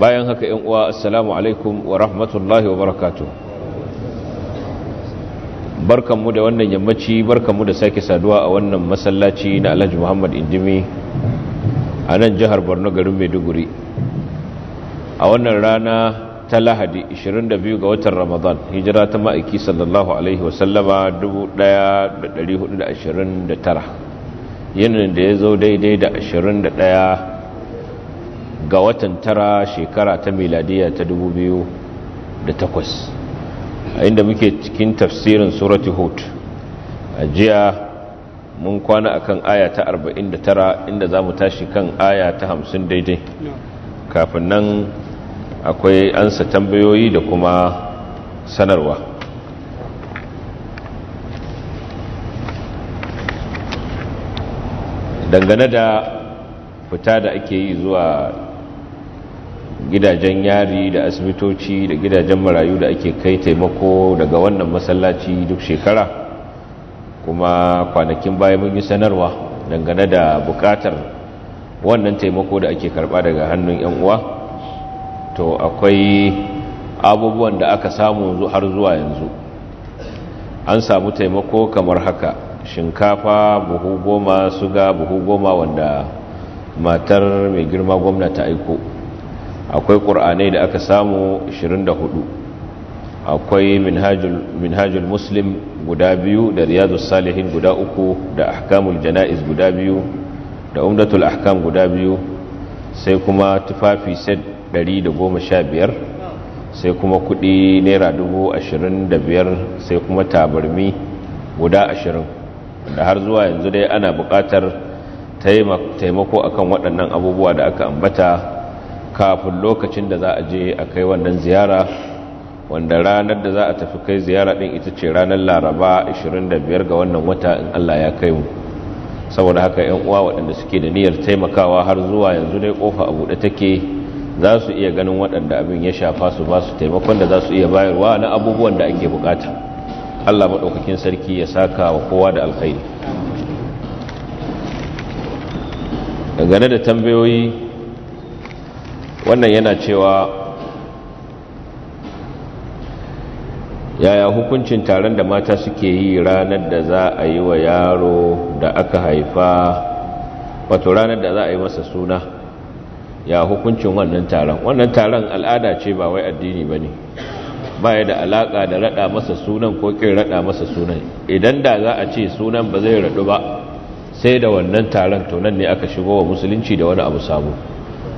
bayan haka yan uwa assalamu alaikum wa rahmatullahi wa barakatuh barkanmu da wannan yammaci barkanmu da sake saduwa a wannan masallaci na Alhaji Muhammad Indimi a nan jihar Borno garin Maiduguri a wannan rana ta Lahadi 22 ga watan Ramadan hijira ta ma'aiki sallallahu alaihi wa sallama 1429 yinin da ya zo daidai da 21 ga watan tara shekara ta miladiya ta da takwas, a inda muke cikin tafsirin surati hut a jiya mun kwana akan aya ta da tara inda za mu tashi kan aya ta hamsin daidai kafin nan akwai ansa tambayoyi da kuma sanarwa dangane da fita da ake yi zuwa gidajen yari da asibitoci da gidajen marayu da ake kai taimako daga wannan masallaci duk shekara kuma kwanakin baya mun yi sanarwa dangane da bukatar wannan taimako da ake karba daga hannun yan uwa to akwai abubuwan da aka samu har zuwa yanzu an samu taimako kamar haka shinkafa buhu goma suga buhu goma wanda matar mai girma gwamna ta aiko akwai ƙur'anai da aka samu 24 akwai minhajul muslim guda biyu da riyadus salihin guda uku da ahkamul jana'iz guda biyu da umdatul ahkam guda biyu sai kuma tufafi set 115 sai kuma kudi naira biyar sai kuma tabarmi guda 20 da har zuwa yanzu dai ana buƙatar taimako akan waɗannan abubuwa da aka ambata kafin lokacin da za a je a kai wannan ziyara wanda ranar da za a tafi kai ziyara din ita ce ranar laraba 25 ga wannan wata in Allah ya kai mu saboda haka yan uwa waɗanda suke da niyyar taimakawa har zuwa yanzu dai kofa a buɗe take za su iya ganin waɗanda abin ya shafa su ba su taimakon da za su iya bayarwa na abubuwan da ake bukata Allah maɗaukakin sarki ya saka wa kowa da alkhairi dangane da tambayoyi wannan yana cewa yaya hukuncin taron da mata suke yi ranar da za a yi wa yaro da aka haifa wato ranar da za a yi masa suna ya hukuncin wannan taron wannan taron al'ada ce ba wai addini ba ne ba ya da alaƙa da raɗa masa sunan ko ƙin raɗa masa sunan idan da za a ce sunan ba zai raɗu ba sai da wannan taron to nan ne aka shigo wa musulunci da wani abu samu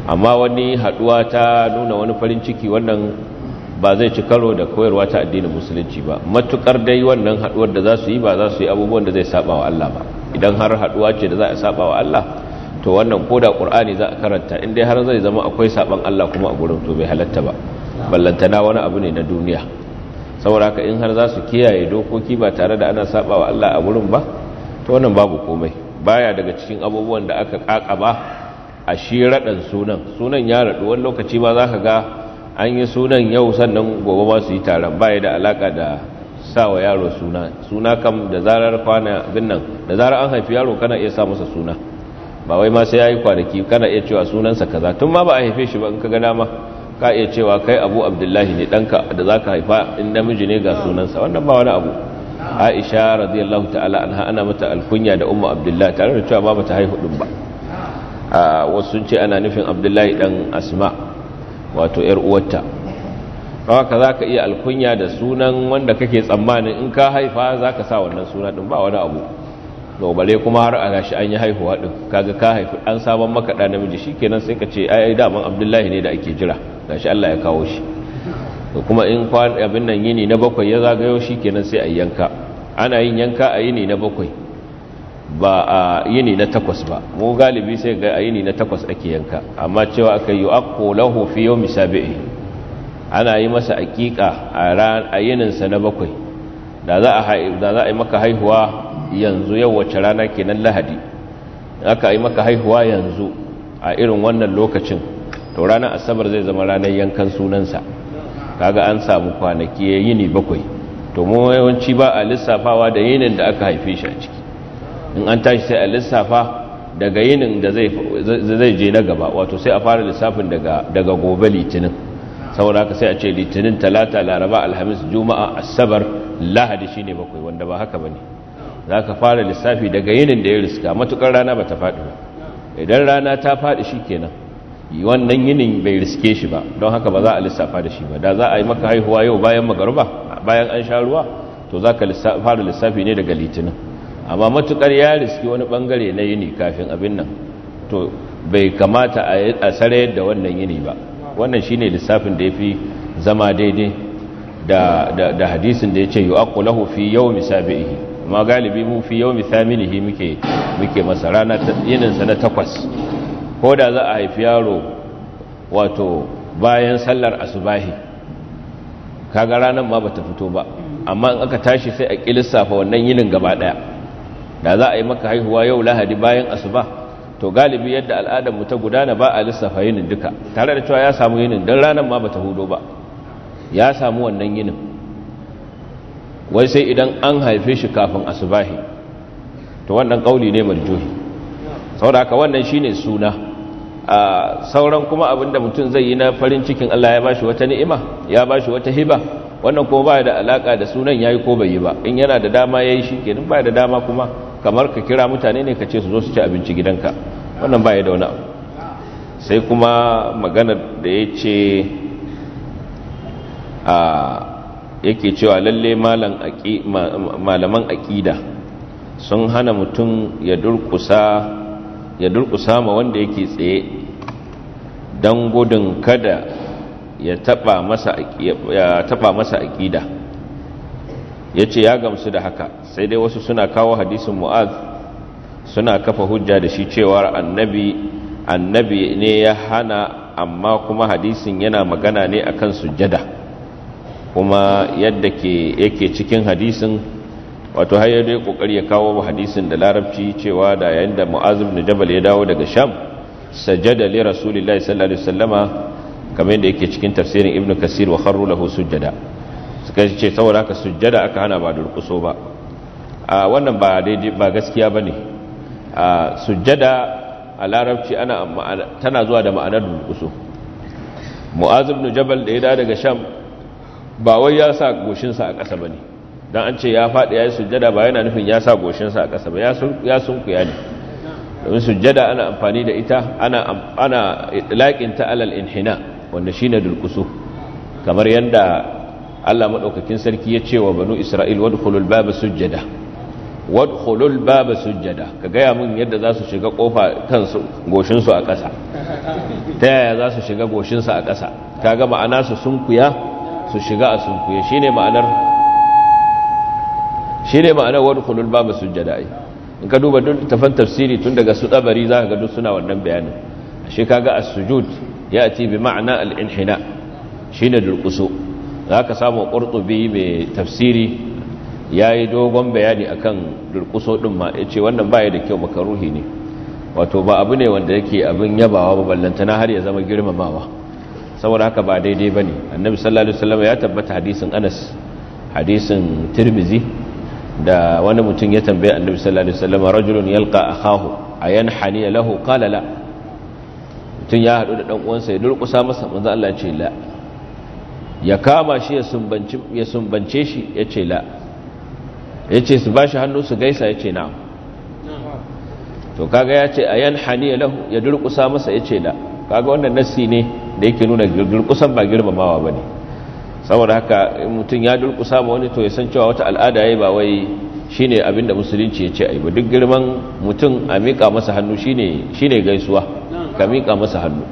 amma wani haduwa ta nuna wani farin ciki wannan ba zai ci karo da koyarwa ta addinin musulunci ba matukar dai wannan haduwar da za su yi ba za su yi abubuwan da zai saba wa Allah ba idan har haduwa ce da za a saba wa Allah to wannan koda qur'ani za a karanta in dai har zai zama akwai saban Allah kuma a gurin to bai halatta ba ballantana wani abu ne na duniya saboda haka in har za su kiyaye dokoki ba tare da ana saba wa Allah a gurin ba to wannan babu komai baya daga cikin abubuwan da aka kakaba a shi raɗin sunan sunan ya raɗu wani lokaci ma za ka ga an yi sunan yau sannan gobe ma su yi taron baya da alaƙa da sawa yaro suna suna kam da zarar kwana bin nan da zarar an haifi yaro kana iya sa masa suna ba wai ma sai ya yi kwanaki kana iya cewa sunansa kaza tun ma ba a haife shi ba in ka ga dama ka iya cewa kai abu abdullahi ne ɗanka da za ka haifa in namiji ne ga sunansa wannan ba wani abu aisha radiyallahu ta'ala anha ana mata alkunya da umma abdullahi tare da cewa ba ta haihu ɗin ba wasu ce ana nufin abdullahi dan asma wato yar uwarta haka za ka iya alkunya da sunan wanda kake tsammanin in ka haifa za sa wannan suna ɗin ba wani abu gobale kuma har a gashi an yi haihuwa din kaga ka haifi an sabon maka da namiji shikenan sai ka ce ai daman abdullahi ne da ake jira gashi allah ya kawo shi kuma in abin nan yini na bakwai ya zagayo shikenan sai a yanka ana yin yanka a yini na bakwai ba a yini na takwas ba mu galibi sai ga yini na takwas ake yanka amma cewa aka yi akko lahu fi yawmi sabi'i ana yi masa aqiqa a ran ayinin sa na bakwai da za a da za a yi maka haihuwa yanzu yau wace rana kenan lahadi aka yi maka haihuwa yanzu a irin wannan lokacin to ranar asabar zai zama ranar yankan sunansa kaga an samu kwanaki yini bakwai to mu yawanci ba a lissafawa da yinin da aka haife shi a ciki in an tashi sai a lissafa daga yinin da zai je na gaba wato sai a fara lissafin daga gobe litinin saboda haka sai a ce litinin talata laraba alhamis juma'a asabar lahadi shi ne bakwai wanda ba haka ba ne? za ka fara lissafi daga yinin da ya riska matukar rana ba ta faɗi ba idan rana ta faɗi shi kenan wannan yinin bai riske shi ba don haka ba za a lissafa da shi ba da za a yi maka haihuwa yau bayan magaruba bayan an sha ruwa to za ka fara lissafi ne daga litinin amma matukar ya riski wani bangare na yini kafin abin nan to bai kamata a tsare da wannan yini ba wannan shine lissafin da yafi zama daidai da hadisin da ya ce yi lahu fi yau misabi'ihi amma galibi mu fi yau misaminihi muke masa rana yininsa na takwas ko da za a haifi yaro wato bayan sallar asubahi kaga ranar ma bata fito ba amma in aka tashi sai a ƙi fa wannan yinin gaba ɗaya da za a yi maka haihuwa yau lahadi bayan asuba to galibi yadda al'adar mu ta gudana ba a lissafa yinin duka tare da cewa ya samu yinin dan ranar ma bata hudo ba ya samu wannan yinin wai sai idan an haife shi kafin asubahi to wannan kauli ne marjuhi saboda haka wannan shine suna a sauran kuma abinda mutum zai yi na farin cikin Allah ya bashi wata ni'ima ya bashi wata hiba wannan kuma ba da alaka da sunan yayi ko bai yi ba in yana da dama yayi shi kenan ba da dama kuma kamar ka kira mutane ne ka ce su zo su ci abinci gidanka wannan ba ya dauna. sai kuma magana da ya ce a yake cewa lalle malaman aƙida sun hana mutum ya durkusa ma wanda yake tsaye don gudun kada ya taba masa aƙida ya ce ya gamsu da haka sai dai wasu suna kawo hadisin mu'az suna kafa hujja da shi cewa annabi annabi ne ya hana amma kuma hadisin yana magana ne akan sujjada kuma yadda ke yake cikin hadisin wato har yadda ya kokari ya kawo hadisin da larabci cewa da yayin da mu'az ibn jabal ya dawo daga sham sajada li rasulillahi sallallahu alaihi wasallama kamar yadda yake cikin tafsirin ibnu kasir wa kharru lahu sujjada suka ce saboda haka sujjada aka hana ba durkuso ba wannan ba daidai ba gaskiya ba ne sujjada a larabci tana zuwa da ma'anar rukusu mu'azib nu jabal da ya da daga sham ba wai ya sa goshinsa a ƙasa ba ne don an ce ya faɗi ya yi sujjada ba yana nufin ya sa goshinsa a ƙasa ba ya sunkuya ne domin sujjada ana amfani da ita ana laƙinta alal inhina wanda shi shine durkusu kamar yadda Allah maɗaukakin sarki ya ce wa banu Isra'il wadda kulul babu sujjada wadkhulul baba sujjada ka gaya mun yadda za su shiga kofa kansu goshinsu a ƙasa ta yaya za su shiga su a ƙasa kaga ma'ana su sunkuya su shiga a sunkuya shine ma'anar shine ma'anar wadkhulul baba sujjada ai in ka duba duk tafan tafsiri tun daga su tsabari za ka ga duk suna wannan bayanin shi kaga as-sujud ya'ti bi ma'ana al-inhina shine durkuso za ka samu qurtubi mai tafsiri ya yi dogon bayani a kan durkuso ɗin ma ya ce wannan baya da kyau makaruhi ne wato ba abu ne wanda yake abin yabawa ba ballantana har ya zama girmamawa saboda haka ba daidai ba ne annabi sallallahu alaihi ya tabbata hadisin anas hadisin tirmizi da wani mutum ya tambaye annabi sallallahu alaihi wasallam rajulun yalqa akahu ayanhani lahu qala mutum ya hadu da dan uwansa ya durkusa masa manzo Allah ya ce la ya kama shi ya sumbance shi ya ce la ya ce su ba shi hannu su gaisa ya ce na to kaga ya ce a yan hani ya durkusa masa ya ce da kaga wannan nassi ne da yake nuna durkusan ba girmamawa ba ne saboda haka mutum ya durkusa ma wani to ya san cewa wata al'ada ya yi ba wai shi ne abinda musulunci ya ce a ba duk girman mutum a miƙa masa hannu shi ne gaisuwa ka miƙa masa hannu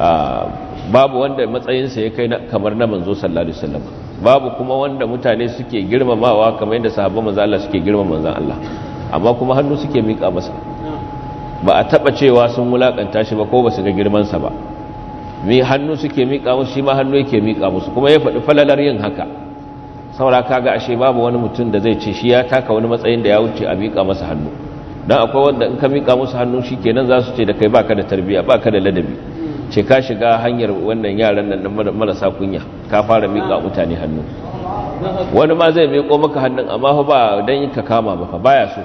ah, babu wanda matsayinsa ya kai kamar na manzo sallallahu alaihi wasallam babu kuma wanda mutane suke girmamawa kamar yadda sahabban manzon Allah suke girmama manzon Allah amma kuma hannu suke mika masa ba a taba cewa sun mulakanta shi ba ko ba su ga girman sa ba me hannu suke mika musu shi ma hannu yake mika musu kuma ya faɗi falalar yin haka saboda kaga ashe babu wani mutum da zai ce shi ya taka wani matsayin da ya wuce a mika masa hannu dan akwai wanda in ka mika musu hannu shikenan za su ce da kai baka da tarbiyya baka da ladabi ce ka shiga hanyar wannan yaran nan na marasa kunya ka fara miƙa mutane hannu wani ma zai miƙo maka hannun amma ba don ka kama maka ya so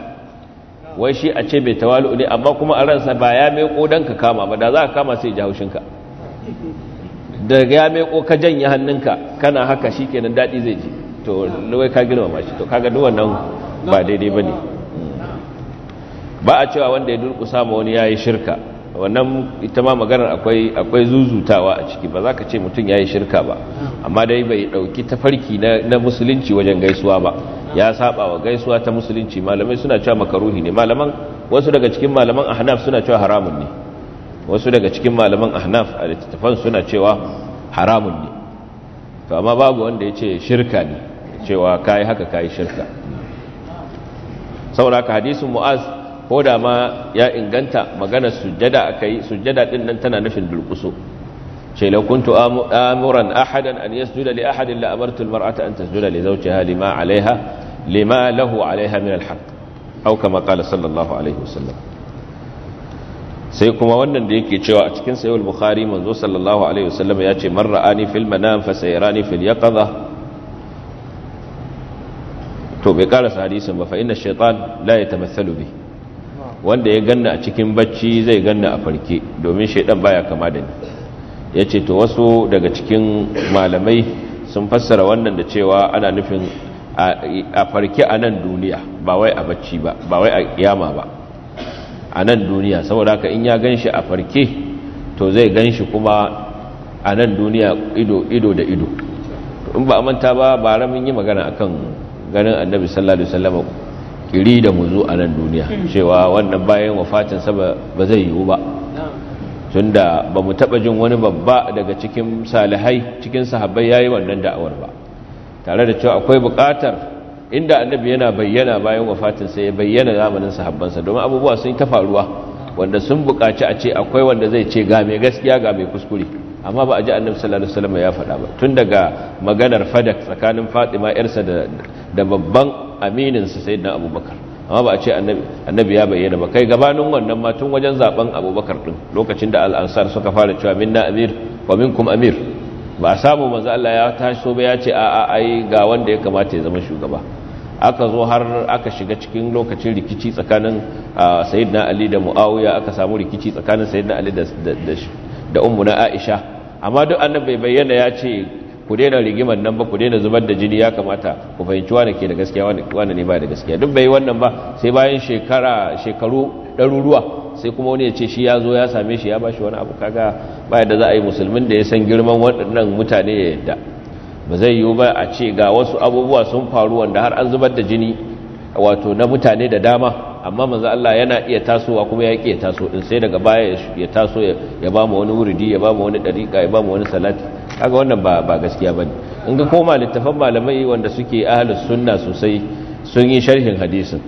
wai shi a ce bai tawalu ne amma kuma a ransa ba ya miƙo don ka kama ba da za ka kama sai ji haushinka daga ya miƙo ka janye hannunka kana haka shi kenan daɗi zai ji to wai ka girmama shi to kaga duk wannan ba daidai ba ne ba a cewa wanda ya durƙusa ma wani ya yi shirka wannan ita ma maganar akwai akwai zuzutawa a ciki ba za ka ce mutum ya yi shirka ba amma dai bai ɗauki tafarki na musulunci wajen gaisuwa ba ya saba wa gaisuwa ta musulunci malamai suna cewa makaruhi ne malaman wasu daga cikin malaman ahnaf suna cewa haramun ne wasu daga cikin malaman ahnaf a littattafan suna cewa haramun ne to amma babu wanda ya ce shirka ne cewa kayi haka kayi shirka saboda hadisin mu'az ko da ma ya inganta magana sujjada akai sujjada din nan tana nufin durkuso ce la kuntu amuran ahadan an yasjuda li ahadin la amartu almar'ata an tasjuda li zawjiha lima alaiha lima lahu alaiha min alhaq aw kama qala sallallahu alaihi wasallam sai kuma wannan da yake cewa a cikin sahih al-bukhari manzo sallallahu alaihi wasallam ya ce man ra'ani fil manam fa sayarani fil yaqadha to bai karasa hadisin ba fa inna shaitan la yatamathalu bihi wanda ya ganna a cikin bacci zai ganna a farke domin shaidan baya kama da ni ya ce to wasu daga cikin malamai sun fassara wannan da cewa ana nufin a farke a nan duniya ba wai a bacci ba ba wai a kiyama ba a nan duniya saboda haka in ya ganshi a farke to zai ganshi kuma a nan duniya ido da ido in ba manta ba bara mun yi magana akan ganin annabi sallallahu alaihi wasallam iri da mu zo a nan duniya hmm. cewa wannan bayan saba ba zai yiwu ba tunda ba mu taɓa jin wani babba daga cikin salihai cikin sahabbai ya yi wannan da'awar ba tare da cewa akwai buƙatar inda annabi yana bayyana bayan sai ya bayyana zamanin sahabbansa domin abubuwa sun ta faruwa wanda sun buƙaci a ce akwai wanda zai ce ga mai gaskiya ga mai kuskure amma ba a ji annabi sallallahu alaihi wasallam ya faɗa ba tun daga maganar fadak tsakanin fatima yarsa da babban aminin sai sayyidina abubakar amma ba a ce annabi ya bayyana ba kai gabanin wannan ma tun wajen zaben abubakar ɗin lokacin da al'ansar suka fara cewa minna amir wa minkum amir ba a samu manzo Allah ya taso ba ya ce a a ai ga wanda ya kamata ya zama shugaba aka zo har aka shiga cikin lokacin rikici tsakanin sayyidina ali da muawiya aka samu rikici tsakanin sayyidina ali da da na aisha amma duk annabi bayyana ya ce ku daina rigimar nan ba ku daina zubar da jini ya kamata ku fahimci wani ke da gaskiya wani ne ba da gaskiya duk bai wannan ba sai bayan shekara shekaru ɗaruruwa sai kuma wani ya ce shi ya zo ya same shi ya ba shi wani abu kaga ba da za a yi musulmin da ya san girman waɗannan mutane ya yadda ba zai yiwu ba a ce ga wasu abubuwa sun faru wanda har an zubar da jini wato na mutane da dama amma manzo Allah yana iya tasowa kuma ya iya taso in sai daga baya ya taso ya ba mu wani wuridi ya ba mu wani dariƙa ya ba mu wani salati kaga wannan ba ba gaskiya bane in ga koma littafan malamai wanda suke ahlus sunna sosai sun yi sharhin hadisin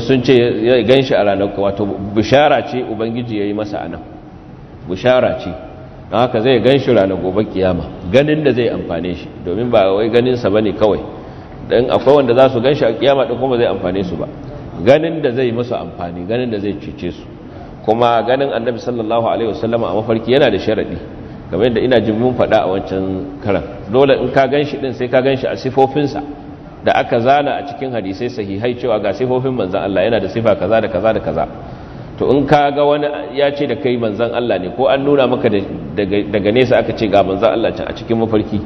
sun ce ya ganshi a ranar wato bishara ce ubangiji yayi masa anan bishara ce don haka zai ganshi ranar gobe kiyama ganin da zai amfane shi domin ba wai ganin sa bane kawai dan akwai wanda za su ganshi a kiyama din kuma zai amfane su ba ganin da zai musu amfani ganin da zai cece su kuma ganin annabi sallallahu alaihi wasallama a mafarki yana da sharadi game da ina jin mun faɗa a wancan karan dole in ka gan shi ɗin sai ka gan shi a sifofinsa da aka zana a cikin hadisai sahihai cewa ga sifofin manzan Allah yana da sifa kaza da kaza da kaza to in ka ga wani ya ce da kai manzan Allah ne ko an nuna maka daga nesa aka ce ga manzan Allah can a cikin mafarki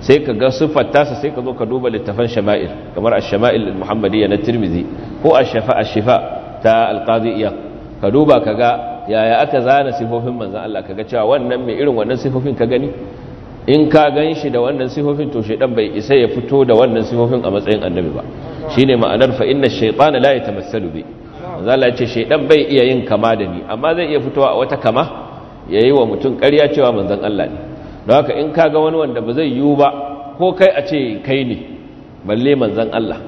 sai ka ga siffar tasa sai ka zo ka duba littafan shama'il kamar a shamail muhammadiyya na tirmizi ko a shafa shifa ta al ka duba ka ga yaya aka zana sifofin manzan Allah kaga cewa wannan mai irin wannan sifofin ka gani in ka gan shi da wannan sifofin to shaidan bai isa ya fito da wannan sifofin a matsayin annabi ba shine ma'anar fa inna shaytana la yatamassalu bi manzan Allah ce shaidan bai iya yin kama da ni amma zai iya fitowa a wata kama yayi wa mutum ƙarya cewa manzan Allah ne don haka in ka ga wani wanda ba zai yiwu ba ko kai a ce kai ne balle manzan Allah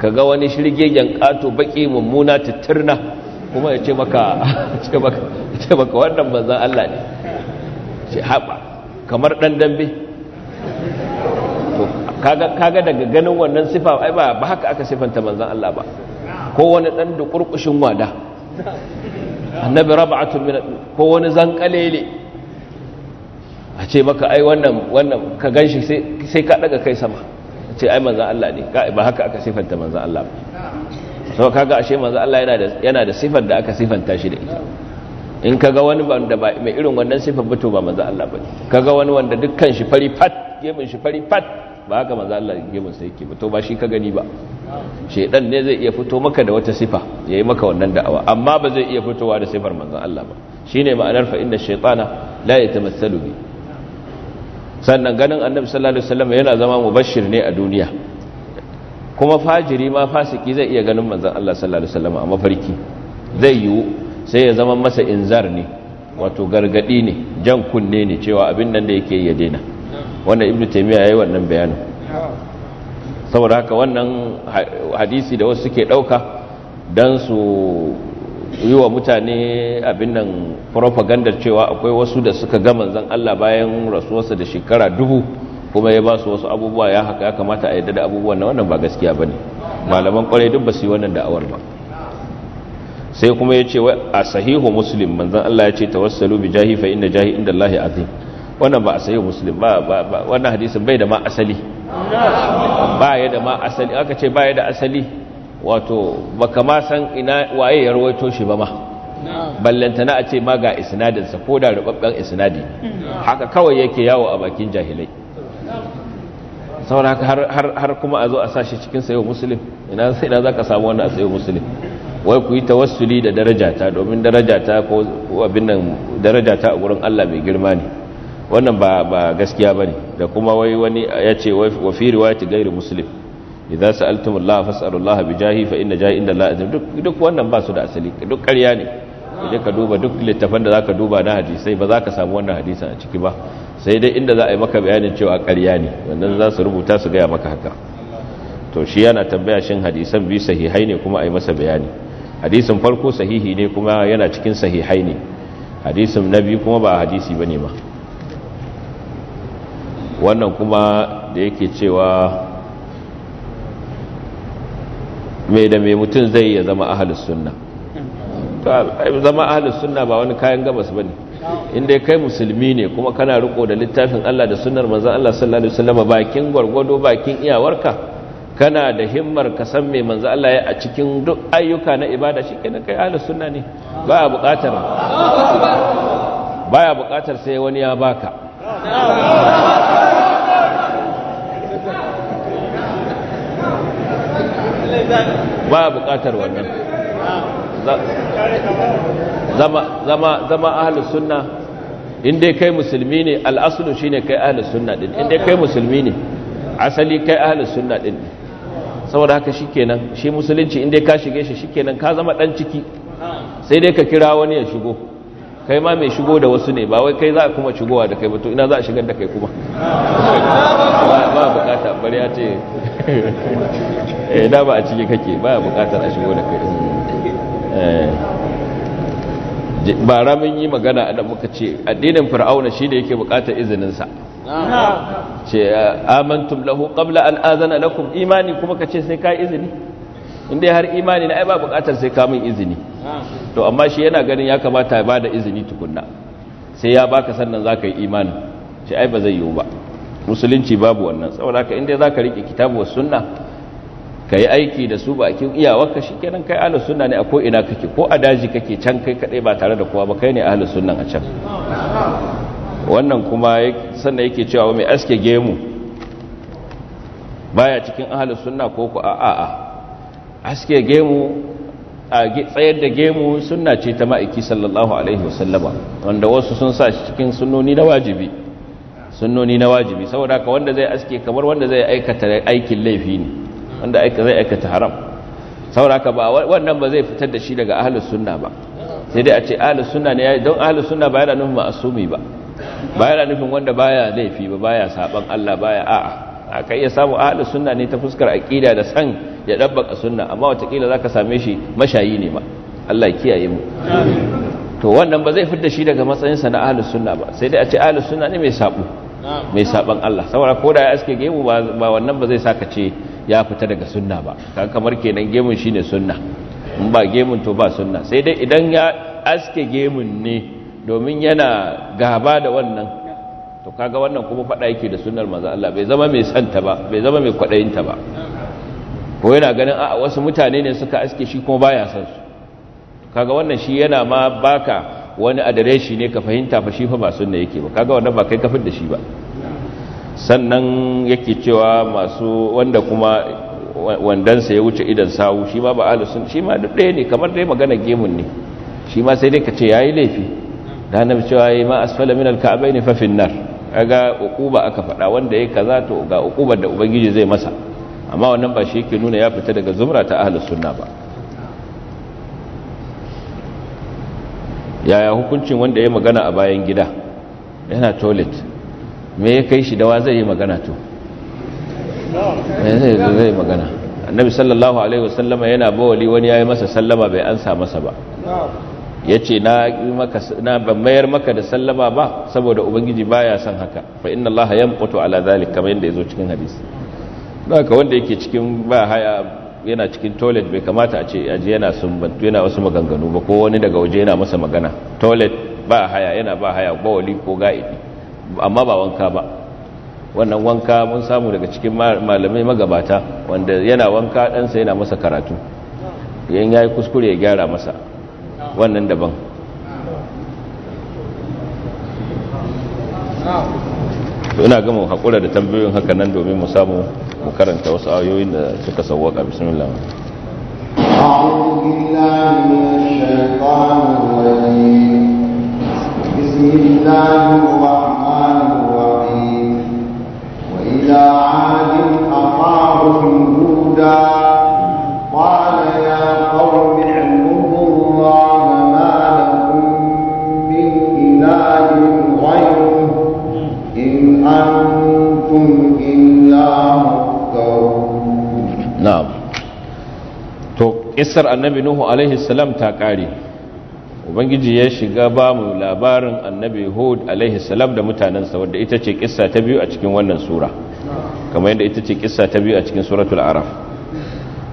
ka ga wani shirgegen ƙato baki mummuna tattarna. kuma ya ce maka ce maka wannan manzan Allah ne ce haɓa kamar ɗan dambe kaga daga ganin wannan sifa ai ba haka aka sifanta manzan Allah ba ko wani ɗan da ƙurƙushin wada annabi raba'atun min ko wani zankalele a ce maka ai wannan wannan ka ganshi sai ka daga kai sama ce ai manzan Allah ne ba haka aka sifanta manzan Allah ba. sau kaga ashe manzo Allah yana da sifar da aka sifanta shi da ita in kaga wani wanda ba mai irin wannan sifar ba to ba manzo Allah bane kaga wani wanda dukkan shi fari fat gemin shi fari fat ba haka manzo Allah gemin sa yake ba to ba shi ka gani ba shedan ne zai iya fito maka da wata sifa yayi maka wannan da'awa amma ba zai iya fitowa da sifar manzo Allah ba shine ma'anar fa inna shaytana la yatamassalu bi sannan ganin annabi sallallahu alaihi wasallam yana zama mubashir ne a duniya kuma fajiri ma fasiki zai iya ganin manzon Allah sallallahu alaihi wasallam a mafarki zai yiwu sai ya zama masa inzar ne wato gargadi ne jan kunne ne cewa abin nan da yake ya daina wannan ibnu taymiya yayi wannan bayanin saboda haka wannan hadisi da wasu suke dauka dan su yi wa mutane abin nan propaganda cewa akwai wasu da suka ga manzon Allah bayan rasuwarsa da shekara dubu kuma ya ba su wasu abubuwa ya haka ya kamata a yadda da abubuwan na wannan ba gaskiya ba ne malaman kwarai duk ba su yi wannan da'awar ba sai kuma ya ce a sahihu musulun manzan Allah ya ce tawassalu bi jahi fa inda jahi inda Allahi azim wannan ba a sahihu musulun ba wannan hadisun bai da ma asali ba ya da ma asali aka ce ba ya da asali wato ba ma san ina waye ya rawaito shi ba ma ballantana a ce ma ga isnadinsa ko da rubabban isnadi haka kawai yake yawo a bakin jahilai saboda har kuma a zo a sashi cikin sayo musulun ina sai na za ka samu wannan a sayo musulun wai ku yi tawassuli da darajata domin darajata ko abin nan darajata a wurin Allah mai girma ne wannan ba gaskiya ba ne da kuma wai wani ya ce wa fi gairi musulun muslim idza sa'altum Allah fas'alu Allah fa inna jahi inda Allah duk wannan ba su da asali duk karya ne idan ka duba duk littafan da zaka duba na hadisai ba za ka samu wannan hadisin a ciki ba sai dai inda za a yi maka bayanin cewa karya ne wannan za su rubuta su gaya maka haka to shi yana tambaya shin hadisan bi sahihai ne kuma a yi masa bayani hadisin farko sahihi ne kuma yana cikin sahihai ne hadisin na biyu kuma ba hadisi ba ne ba wannan kuma da yake cewa mai da mai mutum zai ya zama ahalus sunna zama ahlus sunna ba wani kayan gabas ba ne inda kai musulmi ne kuma kana riko da littafin Allah da sunnar manzon Allah sallallahu alaihi wasallam bakin gwargwado bakin iyawarka kana da himmar ka san me manzon Allah ya a cikin duk ayyuka na ibada shi kenan kai ahlus sunna ne ba a buƙatar baya buƙatar sai wani ya baka baya buƙatar wannan zama ahalus sunna inda kai musulmi ne al'asulu shi ne kai ahalus sunna ɗin inda kai musulmi ne asali kai ahli sunna ɗin saboda haka shi kenan shi musulunci inda ka shige shi shi kenan ka zama ɗan ciki sai dai ka kira wani ya shigo kai ma mai shigo da wasu ne ba wai kai za a kuma shigowa da kai ba to ina za a shigar da kai kuma ba bukata bari ya ce eh da ba a ciki kake ba bukatar a shigo da kai Eh. ba ramin yi magana da muka ce addinin fir'auna shi da yake bukatar izininsa ce amantum lahu qabla an azana lakum imani kuma ka ce sai ka izini inda har imani na ai ba bukatar sai ka min izini to amma shi yana ganin ya kamata ya bada izini tukunna sai ya baka sannan zaka yi imani ce ai ba zai yiwu ba musulunci babu wannan saboda haka inda zaka rike kitabu was sunna ka yi aiki da su ba bakin iyawarka shi kenan kai ahalus sunna ne a ko'ina kake ko a daji kake can kai kaɗai ba tare da kowa ba kai ne ahalus sunna a can wannan kuma sannan yake cewa mai aske gemu baya cikin ahalus sunna ko ku a'a aske gemu a tsayar da gemu sunna ce ta ma'aiki sallallahu alaihi wasallama wanda wasu sun sa shi cikin sunnoni na wajibi sunnoni na wajibi saboda ka wanda zai aske kamar wanda zai aikata aikin laifi ne wanda aika zai aikata haram sauraka ba wannan ba zai fitar da shi daga ahlus sunna ba sai dai a ce ahlus sunna ne don ahlus sunna ba yana nufin ma'asumi ba ba yana nufin wanda baya laifi ba baya saban Allah baya a'a aka iya samu ahlus sunna ne ta fuskar aqida da san ya dabbaka sunna amma kila zaka same shi mashayi ne ma Allah ya kiyaye mu to wannan ba zai fitar da shi daga matsayinsa na ahlus sunna ba sai dai a ce ahlus sunna ne mai sabo mai saban Allah saboda ko da ya aske gemu ba wannan ba zai saka ce ya fita daga sunna ba kan kamar kenan gemun shine sunna in ba gemun to ba sunna sai dai idan ya aske gemun ne domin yana gaba da wannan to kaga wannan kuma fada yake da sunnar manzo Allah bai zama mai santa ba bai zama mai kwadayin ta ba ko yana ganin a wasu mutane ne suka aske shi kuma baya san su kaga wannan shi yana ma baka wani adireshi ne ka fahimta fa shi fa ba sunna yake ba kaga wannan ba kai kafin da shi ba sannan yake cewa masu wanda kuma wandansa ya wuce idan sawu shi ma ba alisun shi ma duk ɗaya ne kamar dai magana gemun ne shi ma sai dai ka ce ya yi laifi da hannun cewa ya yi ma asfala min alka'abai ne fafin nar ga ukuba aka faɗa wanda ya kaza to ga ukubar da ubangiji zai masa amma wannan ba shi yake nuna ya fita daga zumra ta ahlus sunna ba yaya hukuncin wanda ya yi magana a bayan gida yana toilet me ya kai shi da wa zai yi magana to zai yi magana annabi sallallahu alaihi wasallama yana bawali wani ya yi masa sallama bai ansa masa ba Ya ce na ban mayar maka da sallama ba saboda ubangiji ba ya son haka fa inna ya mutu ala zalik kamar yadda zo cikin hadisi haka wanda yake cikin ba haya yana cikin toilet bai kamata a ce aje yana sumbantu yana wasu maganganu ba ko wani daga waje yana masa magana toilet ba haya yana ba haya bawali ko ga'idi amma ba wanka ba wannan wanka mun samu daga cikin malamai magabata wanda yana wanka ɗansa yana masa karatu yan ya yi kuskure ya gyara masa wannan daban ina gama haƙura da tambayoyin haka nan domin mu samu mu karanta wasu ayoyin da suka sauwaka bismillah إلى عاد أخاهم هودا قال يا قوم اعبدوا الله ما لكم من إله غيره إن أنتم إلا مفترون نعم to kissar annabi nuhu alaihi salam ta kare ubangiji ya shiga ba mu labarin annabi hud alaihi salam da mutanensa wadda ita ce kissa ta biyu a cikin wannan sura kamar yadda ita ce kissa ta biyu a cikin suratul araf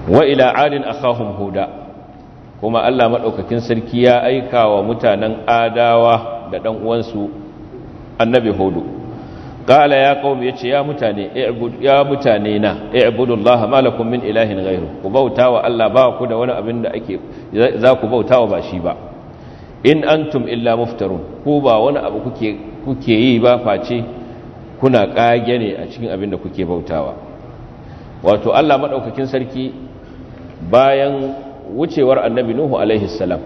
wa ila adin akhahum huda kuma Allah madaukakin sarki ya aika wa mutanen adawa da dan uwansu annabi hudu qala ya qaumi yace ya mutane i'bud ya mutane na i'budullaha ma lakum min ilahin ghairu ku bautawa Allah ba ku da wani abin da ake za ku bautawa ba shi ba in antum illa muftarun ko ba wani abu kuke kuke yi ba face kuna kage ne a cikin abin da kuke bautawa wato Allah madaukakin sarki bayan wucewar annabi nuhu alaihi salam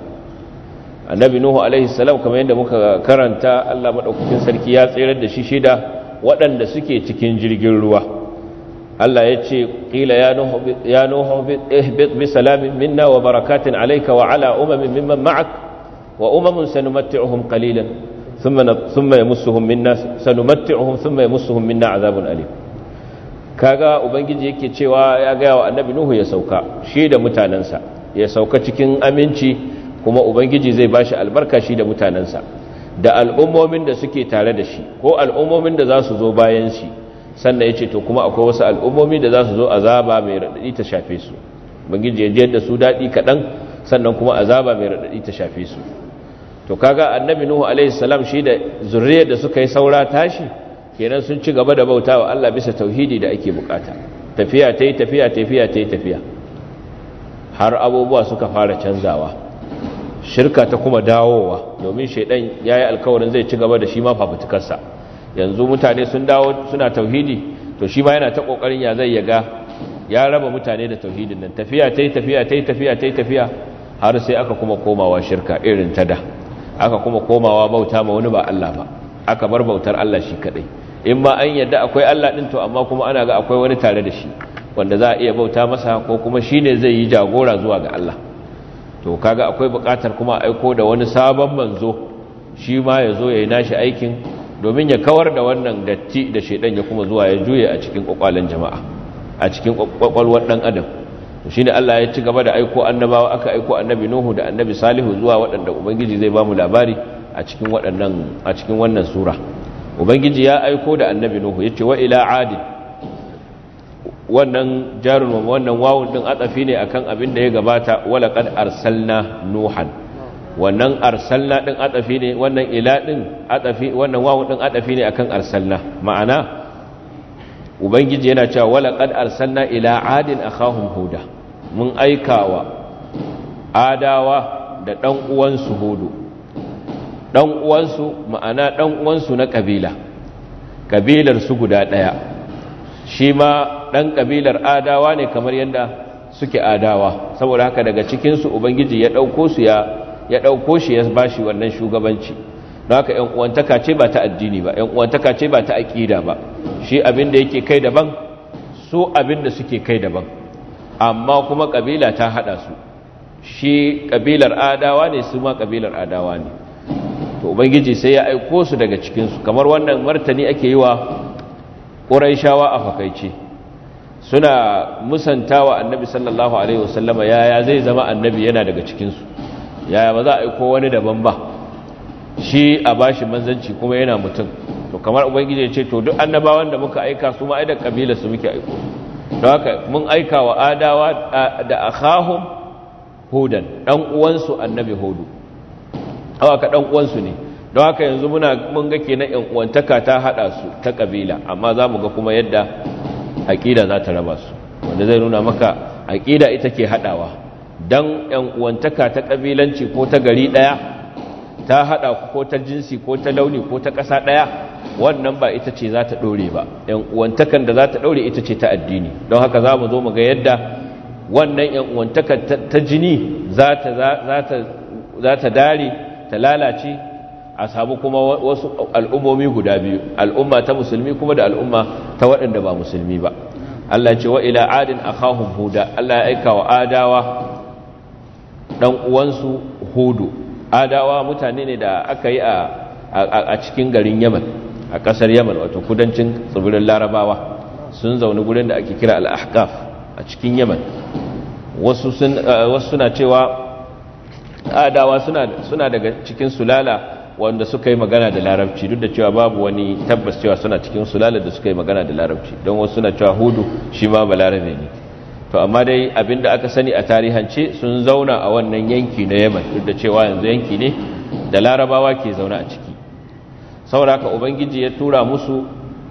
annabi nuhu alaihi salam kamar yadda muka karanta Allah madaukakin sarki ya tsirar da shi shida waɗanda suke cikin jirgin ruwa Allah ya ce ƙila ya nuhu bi salamin minna wa barakatin alaika wa ala umamin mimman ma'ak wa umamun sanumatti'uhum qalilan thumma thumma yamassuhum minna sanumatti'uhum thumma yamassuhum minna kaga ubangiji yake cewa ya ga wa annabi nuhu ya sauka shi da mutanansa ya sauka cikin aminci kuma ubangiji zai bashi albarka shi da mutanansa da al'ummomin da suke tare da shi ko al'ummomin da za zo bayan shi sannan ya ce to kuma akwai wasu al'ummomi da zasu su zo azaba mai raɗaɗi ta shafe su bangin jejiyar da su daɗi kaɗan sannan kuma azaba mai raɗaɗi ta shafe su to kaga annabi nuhu alaihi salam shi da zurriyar da suka yi saura tashi kenan sun ci gaba da bautawa Allah bisa tauhidi da ake bukata tafiya tayi tafiya tafiya tayi tafiya har abubuwa suka fara canzawa shirka ta kuma dawowa domin shaidan yayi alkawarin zai ci gaba da shi ma sa yanzu mutane sun dawo suna tauhidi to shi ma yana ta kokarin ya zai yaga ya raba mutane da tauhidin nan tafiya tayi tafiya tayi tafiya tayi tafiya har sai aka kuma komawa shirka irin ta da aka kuma komawa bauta ma wani ba Allah ba aka bar bautar Allah shi kadai in ma an yadda akwai Allah din to amma kuma ana ga akwai wani tare da shi wanda za a iya bauta masa ko kuma shine zai yi jagora zuwa ga Allah to kaga akwai buƙatar kuma aiko da wani sabon manzo shi ma ya zo ya yi nashi aikin domin ya kawar da wannan datti da shaidan ya kuma zuwa ya juye a cikin kwakwalen jama'a a cikin kokwalwar dan adam to shine Allah ya ci gaba da aiko annabawa aka aiko annabi Nuhu da annabi Salihu zuwa waɗanda ubangiji zai ba mu labari a cikin waɗannan a cikin wannan sura ubangiji ya aiko da annabi Nuhu yace wa ila adin wannan jarun wannan wawun din atsafi ne akan abin da ya gabata wala qad arsalna nuhan wannan arsalna din atsafi ne wannan ila din atsafi wannan wawun din atsafi ne akan arsalna ma'ana ubangiji yana cewa wala qad arsalna ila adin akhahum huda mun aikawa adawa da ɗan uwansu hudu ɗan uwansu ma'ana ɗan uwansu na ƙabila ƙabilar su guda ɗaya shi ma ɗan ƙabilar adawa ne kamar yadda suke adawa saboda haka daga cikinsu ubangiji ya ɗauko su ya ɗauko shi ya bashi wannan shugabanci don haka ‘yan uwantaka ce ba ta addini ba ‘yan uwantaka ce ba ta aƙida ba shi abin da yake kai daban su abin da suke kai daban amma kuma kabila ta haɗa su shi kabilar adawa ne su ma kabilar adawa ne to ubangiji sai ya aiko su daga cikinsu kamar wannan martani ake yi wa ƙuraishawa a fakaice suna musantawa annabi sallallahu alaihi wasallama yaya zai zama annabi yana daga cikinsu yaya ba za a aiko wani daban ba shi a bashi manzanci kuma yana mutum to kamar ubangiji ya ce to duk annabawan da muka aika su ma ai da kabila su muke aiko don haka mun aika wa adawa da akhahum hudan dan uwansu annabi hudu haka dan uwansu ne don haka yanzu muna mun ga kenan yan uwantaka ta hada su ta kabila amma za mu ga kuma yadda aƙida za ta raba su wanda zai nuna maka aƙida ita ke haɗawa don yan uwantaka ta kabilanci ko ta gari ɗaya? ta haɗa ku ko ta jinsi ko ta launi ko ta ƙasa ɗaya wannan ba ita ce za ta ɗore ba ‘yan uwantakan da za ta ɗore ita ce ta addini don haka za mu zo mu ga yadda wannan ‘yan uwantakan ta jini za ta dare ta lalace a samu kuma wasu al'ummomi guda biyu al'umma ta musulmi kuma da al'umma ta waɗanda ba musulmi ba Allah ce wa ila adin akahum huda Allah ya aika wa adawa ɗan uwansu hudu adawa mutane ne da aka yi a cikin garin yaman a ƙasar yaman wato kudancin tsibirin larabawa sun zaune gurin da ake kira al'ahkaf a cikin yaman wasu suna cewa adawa suna daga cikin sulala wanda suka yi magana da larabci duk da cewa babu wani tabbas cewa suna cikin sulala da suka yi magana da larabci don wasu suna cewa hudu shi ma balarabe ne to amma dai abinda aka sani a tarihance sun zauna a wannan yanki na yamma duk da cewa yanzu yanki ne da larabawa ke zauna a ciki sauraka ubangiji ya tura musu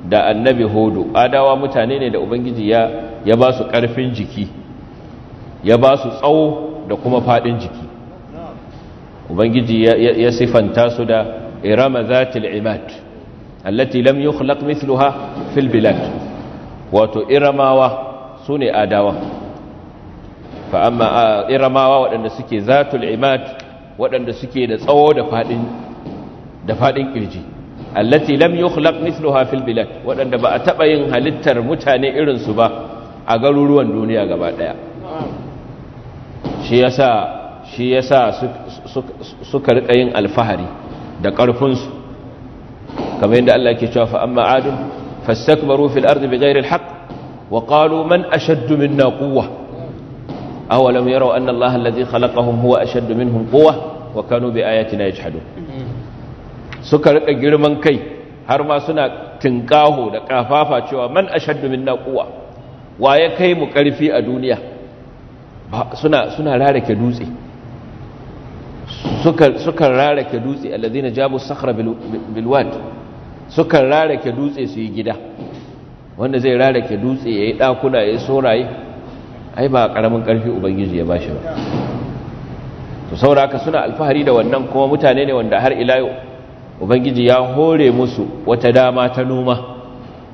da annabi hodo adawa mutane ne da ubangiji ya ya ba su karfin jiki ya ba su tsawo da kuma faɗin jiki ubangiji ya sifanta su da irama zatil imad allati lam yukhlaq mithluha fil bilad wato iramawa su ne adawa fa amma a iramawa waɗanda suke zatul imad waɗanda suke da tsawo da faɗin ƙirji kirji allati lam yukhlaq mithluha fil bilad waɗanda ba a taɓa yin halittar mutane irinsu ba a garuruwan duniya gaba ɗaya shi yasa sa suka rika yin alfahari da ƙarfinsu kamar yadda Allah ke cewa fa amma adun fastakbaru fil ardi bighairi alhaq وقالوا من أشد منا قوة أولم يروا أن الله الذي خلقهم هو أشد منهم قوة وكانوا بآياتنا يجحدون سكر جرمان كي هرما سنة تنقاه لكافافة شوى من أشد منا قوة ويكي مكرفي الدنيا سنة سنة لارك دوزي sukan rarake dutse alladhina jabu sakhra bilwad sukan rarake dutse su yi gida wanda zai rarake dutse ya yi ɗakuna ya yi soraye ai ba ƙaramin ƙarfi ubangiji ya ba shi ba to sauraka suna alfahari da wannan kuma mutane ne wanda har ila ubangiji ya hore musu wata dama ta noma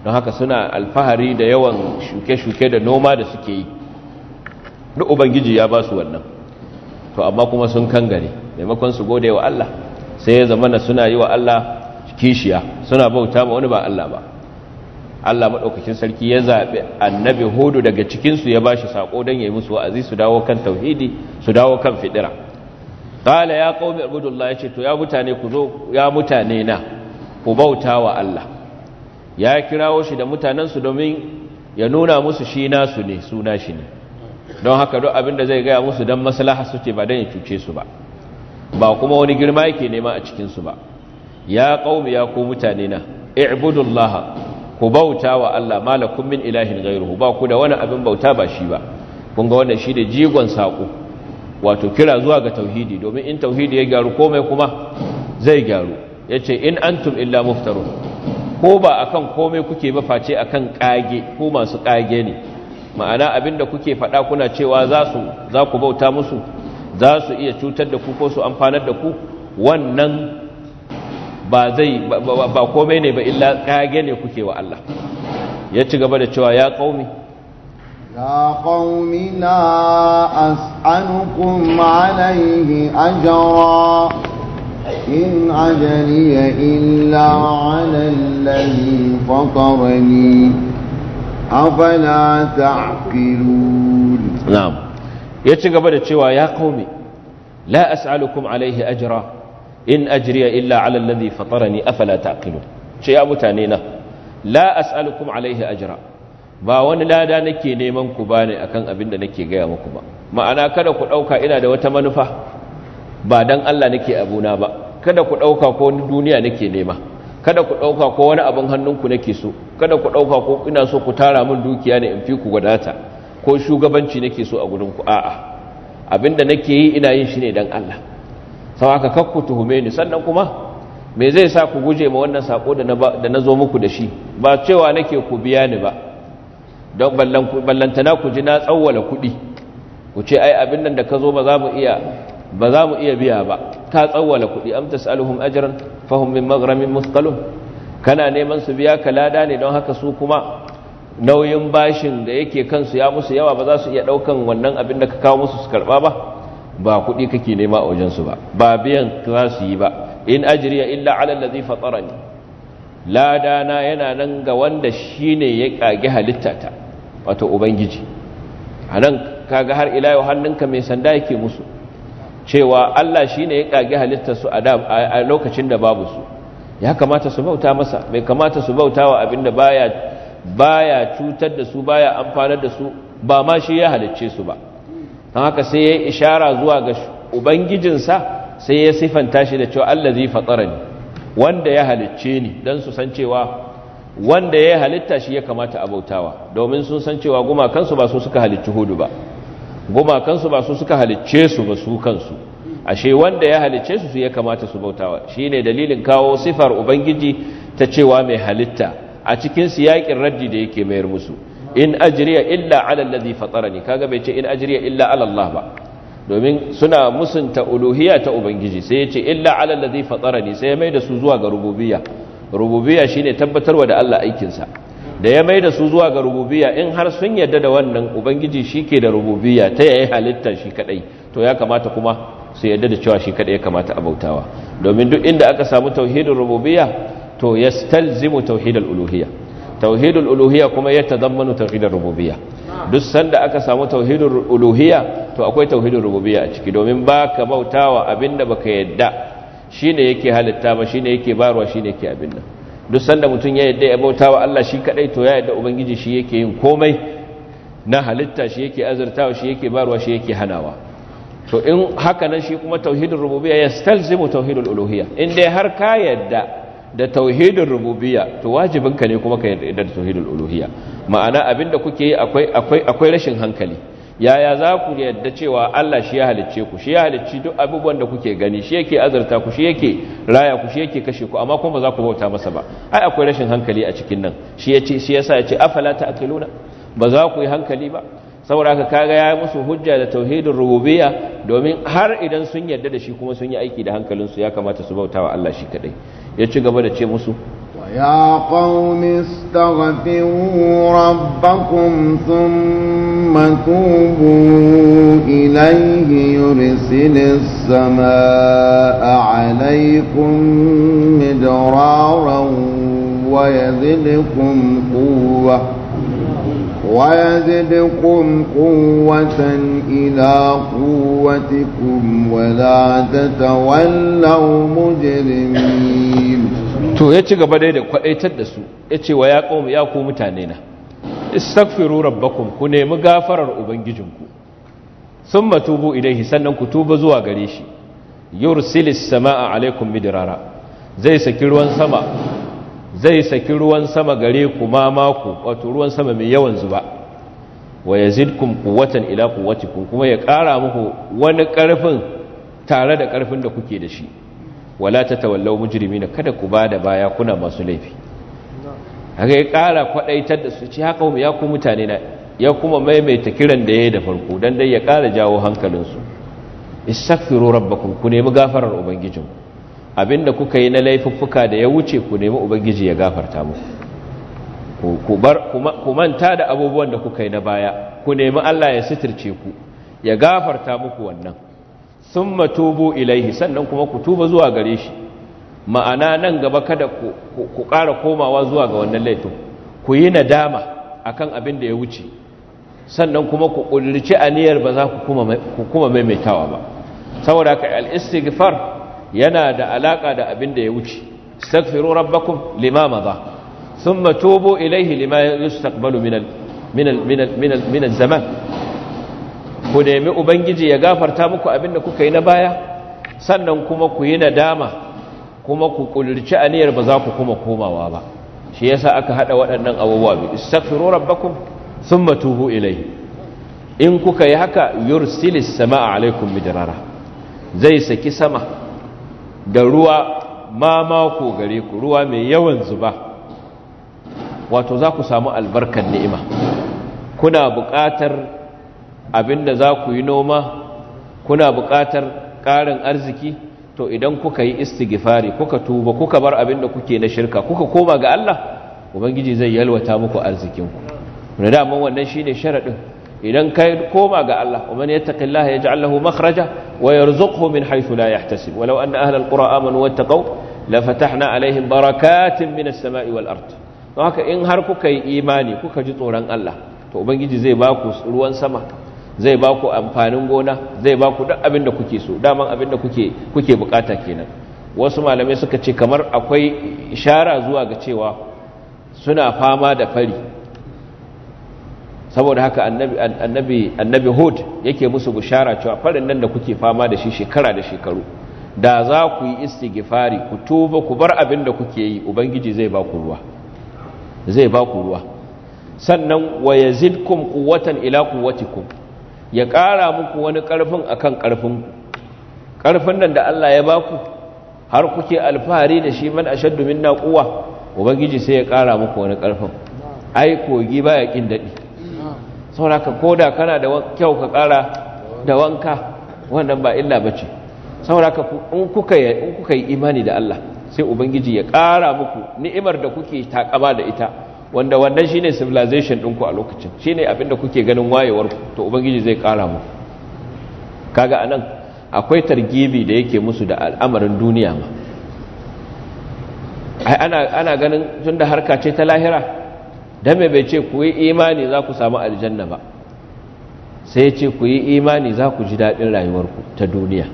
don haka suna alfahari da yawan shuke-shuke da noma da suke yi duk ubangiji ya ba su wannan to amma kuma sun kangare maimakon su gode wa Allah sai ya zama suna yi wa Allah kishiya suna bauta ma wani ba Allah ba Allah madaukakin sarki ya zabi annabi hudu daga cikinsu su ya bashi sako dan yi musu wa'azi su dawo kan tauhidi su dawo kan fidira qala ya qaumi ibudullah yace to ya mutane ku zo ya mutane na ku bauta wa Allah ya kirawo shi da mutanen su domin ya nuna musu shi nasu ne suna shi ne don haka duk abin da zai gaya musu don maslaha su ce ba don ya cuce su ba ba kuma wani girma yake nema a cikinsu ba ya ƙaumi ya ku mutane na ku bauta wa Allah malakun min ilahin gairu ba ku da wani abin bauta ba shi ba kun ga wannan shi da jigon saƙo. wato kira zuwa ga tauhidi domin in tauhidi ya gyaru komai kuma zai gyaru yace in antum illa muftarun ko ba akan komai kuke ba face a kan kage ko masu ƙage ne ma'ana abin da kuke faɗa kuna cewa za su za ku bauta musu za su iya cutar da ku ko su amfanar da ku wannan ba zai ba komai ne ba illa kage ne kuke wa Allah ya ci gaba da cewa ya qaumi ya qaumi la as'alukum alayhi ajra in ajri illa ala alladhi fatarani afala ta'qilun na'am ya ci gaba da cewa ya qaumi la as'alukum alayhi ajra in ajriya illa ala alladhi fatarani afala taqilu ce ya mutane na la as'alukum alaihi ajra ba wani lada nake neman ku bani akan abin da nake gaya muku ba ma'ana kada ku dauka ina da wata manufa ba dan Allah nake abuna ba kada ku dauka ko wani duniya nake nema kada ku dauka ko wani abin hannunku nake so kada ku dauka ko ina so ku tara min dukiya ne in fi ku gwadata ko shugabanci nake so a gurin ku a'a abinda nake yi ina yin shi ne dan Allah sau ka kakku tuhume ni sannan kuma me zai sa ku guje ma wannan sako da na zo muku da shi ba cewa nake ku biya ni ba don ballantana ku ji na tsawwala kuɗi ku ce ai abin nan da ka zo ba za mu iya ba za mu iya biya ba ka tsawwala kuɗi am tas'aluhum ajran fahum min maghramin muthqalun kana neman su biya ka lada ne don haka su kuma nauyin bashin da yake kansu ya musu yawa ba za su iya daukan wannan abin da ka kawo musu su karba ba ba kuɗi kake nema a wajensu ba ba biyan za su yi ba in ajiriya illa ala allazi ne ladana yana nan ga wanda shi ne ya halitta halittata wato ubangiji A anan kaga har ila yau hannunka mai sanda yake musu cewa Allah shi ne ya ƙage halitta su a lokacin da babu su ya kamata su bauta masa bai kamata su bauta wa abinda baya baya cutar da su baya amfanar da su ba ma shi ya halicce su ba don haka sai ya ishara zuwa ga ubangijinsa sai ya sifanta shi da cewa allah zai fatsara ne wanda ya halicce ni don su san cewa wanda ya halitta shi ya kamata a bautawa domin sun san cewa gumakansu ba su suka halicci hudu ba gumakansu ba su suka halicce su ba su kansu ashe wanda ya halicce su su ya kamata su bautawa shine dalilin kawo siffar ubangiji ta cewa mai halitta a cikinsu yaƙin raddi da yake mayar musu in ajriya illa ala allazi fatarani kaga bai ce in ajriya illa ala Allah ba domin suna musunta uluhiyya ta ubangiji sai ya ce illa ala allazi fatarani sai ya mai da su zuwa ga rububiyya rububiyya shine tabbatarwa da Allah aikin sa da ya mai su zuwa ga rububiyya in har sun yarda da wannan ubangiji shike da rububiyya ta yayi halitta shi kadai to ya kamata kuma su yarda da cewa shi kadai ya kamata a bautawa domin duk inda aka samu tauhidin rububiyya to yastalzimu tauhidul uluhiyya tauhidul uluhiyya kuma ya tazammanu tauhidul rububiyya duk sanda aka samu tauhidul uluhiyya to akwai tauhidul rububiyya a ciki domin baka bautawa abinda baka yadda shine yake halitta ba shine yake barwa shine yake abin nan duk sanda mutun ya yadda ya bautawa Allah shi kadai to ya yadda ubangiji shi yake yin komai na halitta shi yake azurtawa shi yake barwa shi yake hanawa to in haka nan shi kuma tauhidul rububiyya yastalzimu tauhidul uluhiyya in dai har ka yadda da tauhidin rububiyya to wajibinka ne kuma ka yarda da tauhidin uluhiyya ma'ana abinda kuke yi akwai akwai akwai rashin hankali yaya za ku yarda cewa Allah shi ya halicce ku shi ya halicci duk abubuwan da kuke gani shi yake azurta ku shi yake raya ku shi yake kashe ku amma kuma ba za ku bauta masa ba ai akwai rashin hankali a cikin nan shi yace shi yasa yace afala ta'qiluna ba za ku yi hankali ba saboda ka kaga ya musu hujja da tauhidin rububiyya domin har idan sun yarda da shi kuma sun yi aiki da hankalin su ya kamata su bautawa Allah shi kadai ya ci gaba da ce musu ya qaumi قوم rabbakum thumma tubu ilayhi yursilis يرسل 'alaykum عليكم wa ويزدكم قوةً ويزدكم قوة إلى قوتكم ولا تتولوا مجرمين to ya ci gaba dai da kwadaitar da su ya ce wa ya ƙomu ya ku mutane na istagfiru rabbakum ku nemi gafarar ubangijinku sun matubu ilaihi sannan ku tuba zuwa gare shi yursilis sama'a alaikum midrara zai saki ruwan sama zai saki ruwan sama gare ku ma maku wato ruwan sama mai yawan zuba wa yazidkum quwwatan ila quwwatikum kuma ya kara muku wani karfin tare da karfin da kuke da shi wala tatawallaw mujrimina kada ku bada baya kuna masu laifi haka ya ƙara kwadaitar da su ci haka ya ku mutane na ya kuma maimaita kiran da yayi da farko dan dai ya kara jawo hankalinsu istaghfiru rabbakum ku nemi gafarar ubangijinku abinda kuka yi na laifuffuka da ya wuce ku nemi ubangiji ya gafarta mu ku manta da abubuwan da kuka yi na baya ku nemi Allah ya sitirce ku ya gafarta muku wannan sun matubu ilaihi sannan kuma ku tuba zuwa gare shi ma'ana nan gaba kada ku ƙara komawa zuwa ga wannan laifin ku yi nadama akan abin da ya wuce sannan kuma ku ƙudurci aniyar ba za ku kuma maimaitawa ba saboda ka al-istighfar yana da alaka da abin da ya wuce astaghfiru rabbakum lima madha thumma tubu ilayhi lima yustaqbalu min al min al min al min al min al zaman ku nemi ubangiji ya gafarta muku abin da kuka yi na baya sannan kuma ku yi nadama kuma ku kulurci aniyar ba za ku kuma komawa ba shi yasa aka hada waɗannan abubuwa bi astaghfiru rabbakum thumma tubu ilayhi in kuka yi haka yursilis samaa alaikum midrara zai saki sama da ruwa mamako gare ku ruwa mai yawan zuba wato za ku samu albarkar ni'ima kuna buƙatar abinda za ku yi noma kuna buƙatar ƙarin arziki to idan kuka yi istighfari kuka tuba kuka bar abinda kuke na shirka kuka koma ga Allah ubangiji zai yalwata muku arzikinku da daman wannan shine sharadin idan kai koma ga Allah wa man yattaqillaha yaj'al lahu makhraja wa yarzuqhu min haythu la yahtasib walau anna ahlal qura amanu wattaqaw lafatahna alaihim barakatin minas sama'i wal ard don haka in har kuka yi imani kuka ji tsoron Allah to ubangiji zai baku ruwan sama zai baku amfanin gona zai baku duk abin da kuke so daman abin da kuke kuke bukata kenan wasu malamai suka ce kamar akwai ishara zuwa ga cewa suna fama da fari saboda haka annabi annabi hud yake musu bushara cewa farin nan da kuke fama da shi shekara da shekaru da za ku yi istighfari ku tuba ku bar abin da kuke yi ubangiji zai ba ku ruwa zai ba ku ruwa sannan wa yazidkum quwwatan ila quwwatikum ya kara muku wani karfin akan ku karfin nan da Allah ya baku har kuke alfahari da shi man ashaddu minna quwwa ubangiji sai ya kara muku wani karfin ai kogi baya kin dadi sauraka koda kana da kyau ka kara da wanka wannan ba illa ba sauraka in kuka in kuka yi imani da Allah sai ubangiji ya kara muku ni'imar da kuke takaba da ita wanda wannan shine civilization ɗinku a lokacin Shi ne abinda kuke ganin wayewar ku to ubangiji zai kara muku kaga anan akwai targibi da yake musu da al'amarin duniya ma ana ana ganin tunda harka ce ta lahira don mai bai ce ku yi imani za ku samu aljanna ba sai ce ku yi imani za ku ji daɗin rayuwarku ta duniya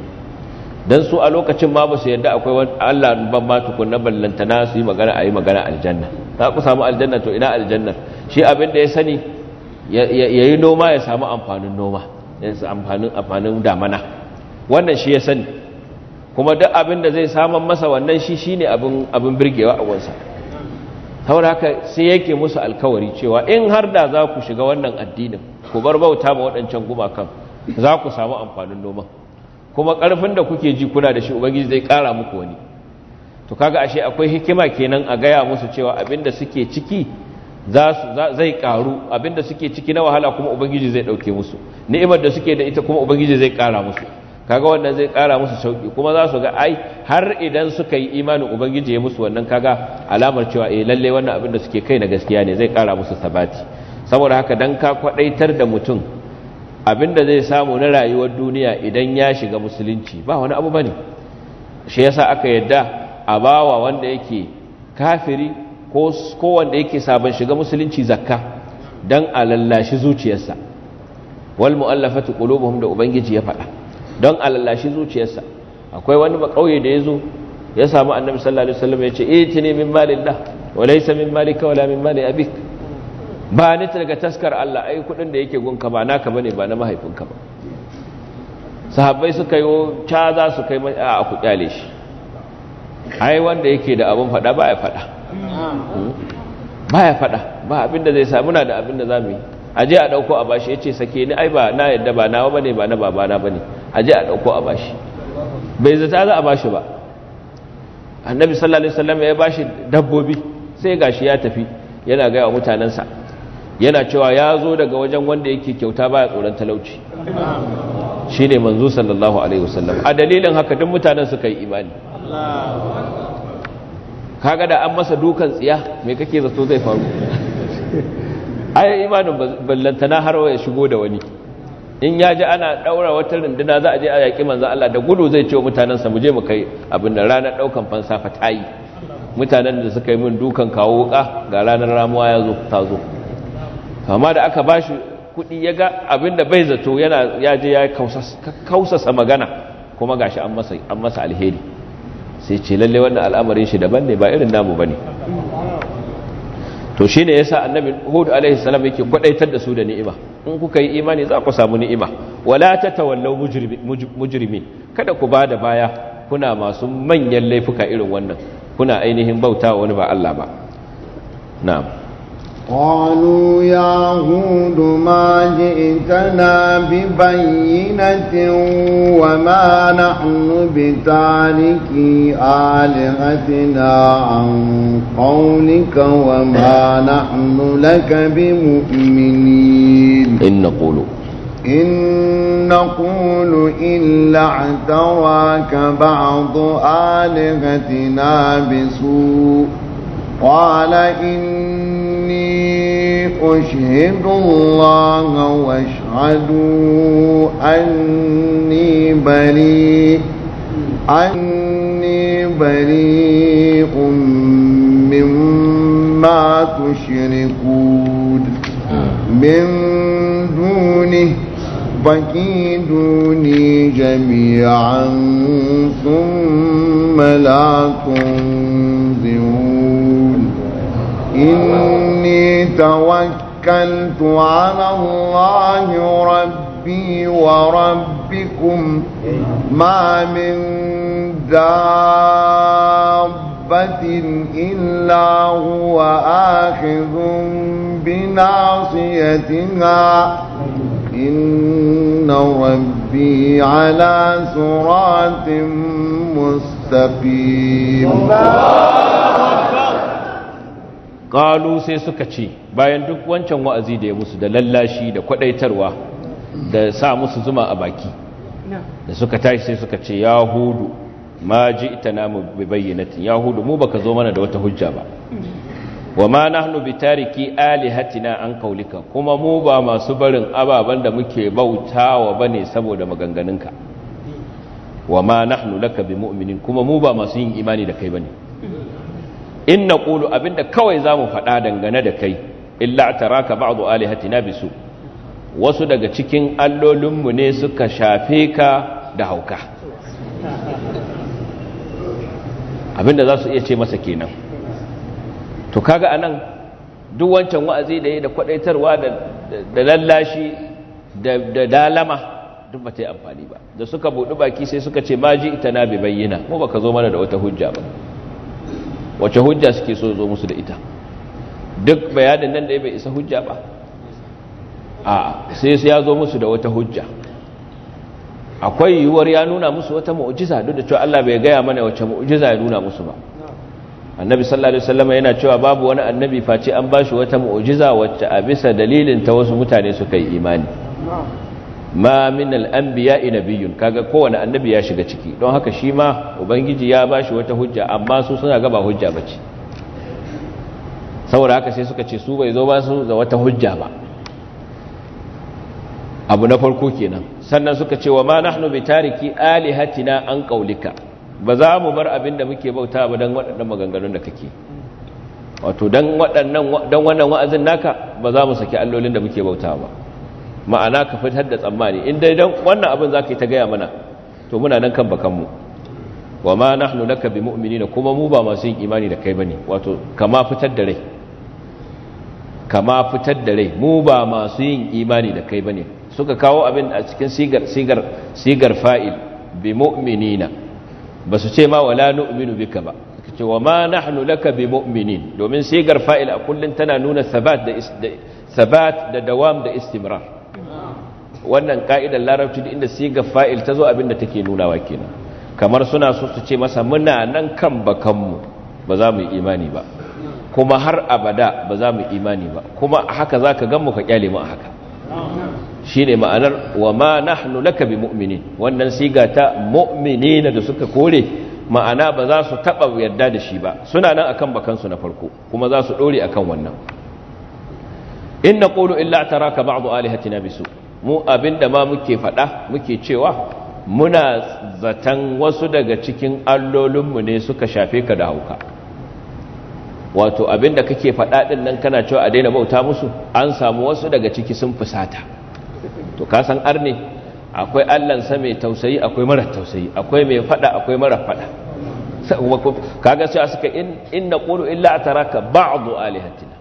don su a lokacin ma ba su yadda akwai wani allah ban ma ballanta na su yi magana a yi magana aljanna za ku samu aljanna to ina aljanna shi abin da ya sani ya yi noma ya samu amfanin noma ya samu amfanin damana wannan shi ya sani kuma duk abin da zai saman masa wannan shi shine abin abin birgewa a wansa saboda haka sai yake musu alkawari cewa in har da za ku shiga wannan addinin ku bar bauta ma waɗancan gumakan za ku samu amfanin noma kuma ƙarfin da kuke ji kuna da shi ubangiji zai ƙara muku wani to kaga ashe akwai hikima kenan a gaya musu cewa abinda suke ciki zai ƙaru abinda suke ciki na wahala kuma ubangiji zai ɗauke musu ni'imar da suke da ita kuma ubangiji zai ƙara musu kaga wannan zai kara musu shauki kuma za su ga ai har idan suka yi imanin ubangiji ya musu wannan kaga alamar cewa eh lalle wannan abin da suke kai na gaskiya ne zai kara musu sabati saboda haka dan ka kwadaitar da mutum abin da zai samu na rayuwar duniya idan ya shiga musulunci ba wani abu bane shi yasa aka yadda a bawa wanda yake kafiri ko ko wanda yake sabon shiga musulunci zakka dan a lallashi zuciyarsa wal mu'allafatu qulubuhum da ubangiji ya faɗa don alallashi zuciyarsa akwai wani kauye da ya zo ya samu annabi sallallahu alaihi wasallam ya ce itini min da wa laysa min malika wala min mali abik ba ni daga taskar Allah ai kudin da yake gunka ba naka bane ba na mahaifinka ba sahabbai suka yi ta za su kai a ku kyale shi ai wanda yake da abun fada ba ya fada hmm? ba ya fada ba abinda zai samu na da abinda zamu yi aje a dauko a bashi yace sake ni ai ba na yadda ba nawa bane ba na babana bane a a ɗauko a bashi bai zata za a bashi ba annabi sallallahu alaihi wasallam ya bashi dabbobi sai gashi ya tafi yana gaya wa mutanansa. yana cewa ya zo daga wajen wanda yake kyauta baya tsoron talauci shi ne manzo sallallahu alaihi wasallam a dalilin haka duk mutanen suka yi imani kaga da an masa dukan tsiya mai kake zato zai faru ai imanin ballantana har ya shigo da wani in ya ji ana ɗaura wata runduna za a je a yaƙi manzan Allah da gudu zai ce wa mutanensa mu je mu kai abin da ranar ɗaukan fansa ta yi mutanen da suka yi min dukan kawo wuka ga ranar ramuwa ya zo ta zo amma da aka bashi kuɗi ya ga abin da bai zato yana ya je ya kausasa magana kuma gashi an an masa alheri sai ce lalle wannan al'amarin shi daban ne ba irin namu ba ne. to shi ne ya sa annabi hudu alaihi salam yake kwadaitar da su da ni'ima in kuka yi imani za ku samu ni'ima wala ta tawallau mujrimin kada ku ba da baya kuna masu manyan laifuka irin wannan kuna ainihin bauta wani ba Allah ba na'am قالوا يا هود ما جئتنا ببينة وما نحن بتارك آلهتنا عن قولك وما نحن لك بمؤمنين إن نقول إن نقول إلا اعتراك بعض آلهتنا بسوء قال إن إني أشهد الله وأشهد أني بريء أني بريء مما تشركون من دونه فكيدوني جميعا ثم لا تنظرون إني توكلت على الله ربي وربكم ما من دابة إلا هو آخذ بناصيتها إن ربي على صراط مستقيم ƙalu sai suka ce bayan duk wancan wa'azi da ya musu da lallashi da kwadaitarwa da sa musu zuma a baki da suka tashi sai suka ce yahudu ma ji ita namu tun. bayyanatin yahudu mu baka zo mana da wata hujja ba mm. wa ma nahnu bi tariki alihatina an kaulika kuma mu ba masu barin ababan da muke bautawa bane saboda maganganunka mm. wa ma nahnu laka bi mu'minin kuma mu ba masu yin imani da kai bane in na ƙulu abinda kawai za mu faɗa dangane da kai illa taraka ba'adu alihatina bisu wasu daga cikin allolinmu ne suka shafe ka da hauka abinda za su iya ce masa kenan to kaga anan duk wancan wa'azi da ya da kwadaitarwa da lallashi da dalama duk ba ta yi amfani ba da suka buɗi baki sai suka ce maji ita na bi bayyana mu baka zo mana da wata hujja ba wace hujja suke so zo musu da ita duk bayanin nan da ya bai isa hujja ba a sai sai ya zo musu da wata hujja akwai yiwuwar ya nuna musu wata mu'jiza duk da cewa Allah bai gaya mana wace mu'jiza ya nuna musu ba annabi sallallahu alaihi wasallam yana cewa babu wani annabi face an bashi wata mu'jiza wacce a bisa dalilin ta wasu mutane suka yi imani ma min al'anbiya nabiyyun kaga kowane annabi ya shiga ciki don haka shi ma ubangiji ya bashi wata hujja amma su suna gaba hujja bace saboda haka sai suka ce su bai zo ba su da wata hujja ba abu na farko kenan sannan suka ce wa ma nahnu bi tariki alihatina an kaulika ba za mu bar abin da muke bauta ba dan waɗannan maganganun da kake wato dan waɗannan wannan wa'azin naka ba za mu saki allolin da muke bauta ba ma'ana ka fitar da tsammani in dai don wannan abin zaka yi ta gaya mana to muna nan kan bakanmu wa ma na nahnu naka bi mu'minina kuma mu ba masu yin imani da kai ba ne wato kama fitar da rai kama fitar da rai mu ba masu yin imani da kai ba ne suka kawo abin a cikin sigar sigar sigar fa'il bi ba su ce ma wala nu'minu bika ba ce wa ma na nahnu naka bi mu'minin domin sigar fa'il a kullum tana nuna sabat sabat da dawam da istimrar wannan ka'idar larabci da inda siga fa'il ta zo abinda take nunawa kenan kamar suna so su ce masa muna nan kan bakanmu ba za mu yi imani ba kuma har abada ba za mu imani ba kuma haka za ka gan mu ka kyale mu a haka shi ne ma'anar wa ma nahnu laka bi mu'minin wannan siga ta mu'minina da suka kore ma'ana ba za su taba yarda da shi ba suna nan akan bakansu na farko kuma za su dore akan wannan in naqulu illa taraka ba'du alihatina bisu' mu da ma muke faɗa muke cewa muna zaton wasu daga cikin allolinmu ne suka shafe ka da hauka wato abin da kake faɗa ɗin nan kana cewa a daina bauta musu an samu wasu daga ciki sun fusata to ka san arne akwai allansa mai tausayi akwai mara tausayi akwai mai faɗa akwai mara faɗa kaga sai suka in na illa ataraka taraka alihatina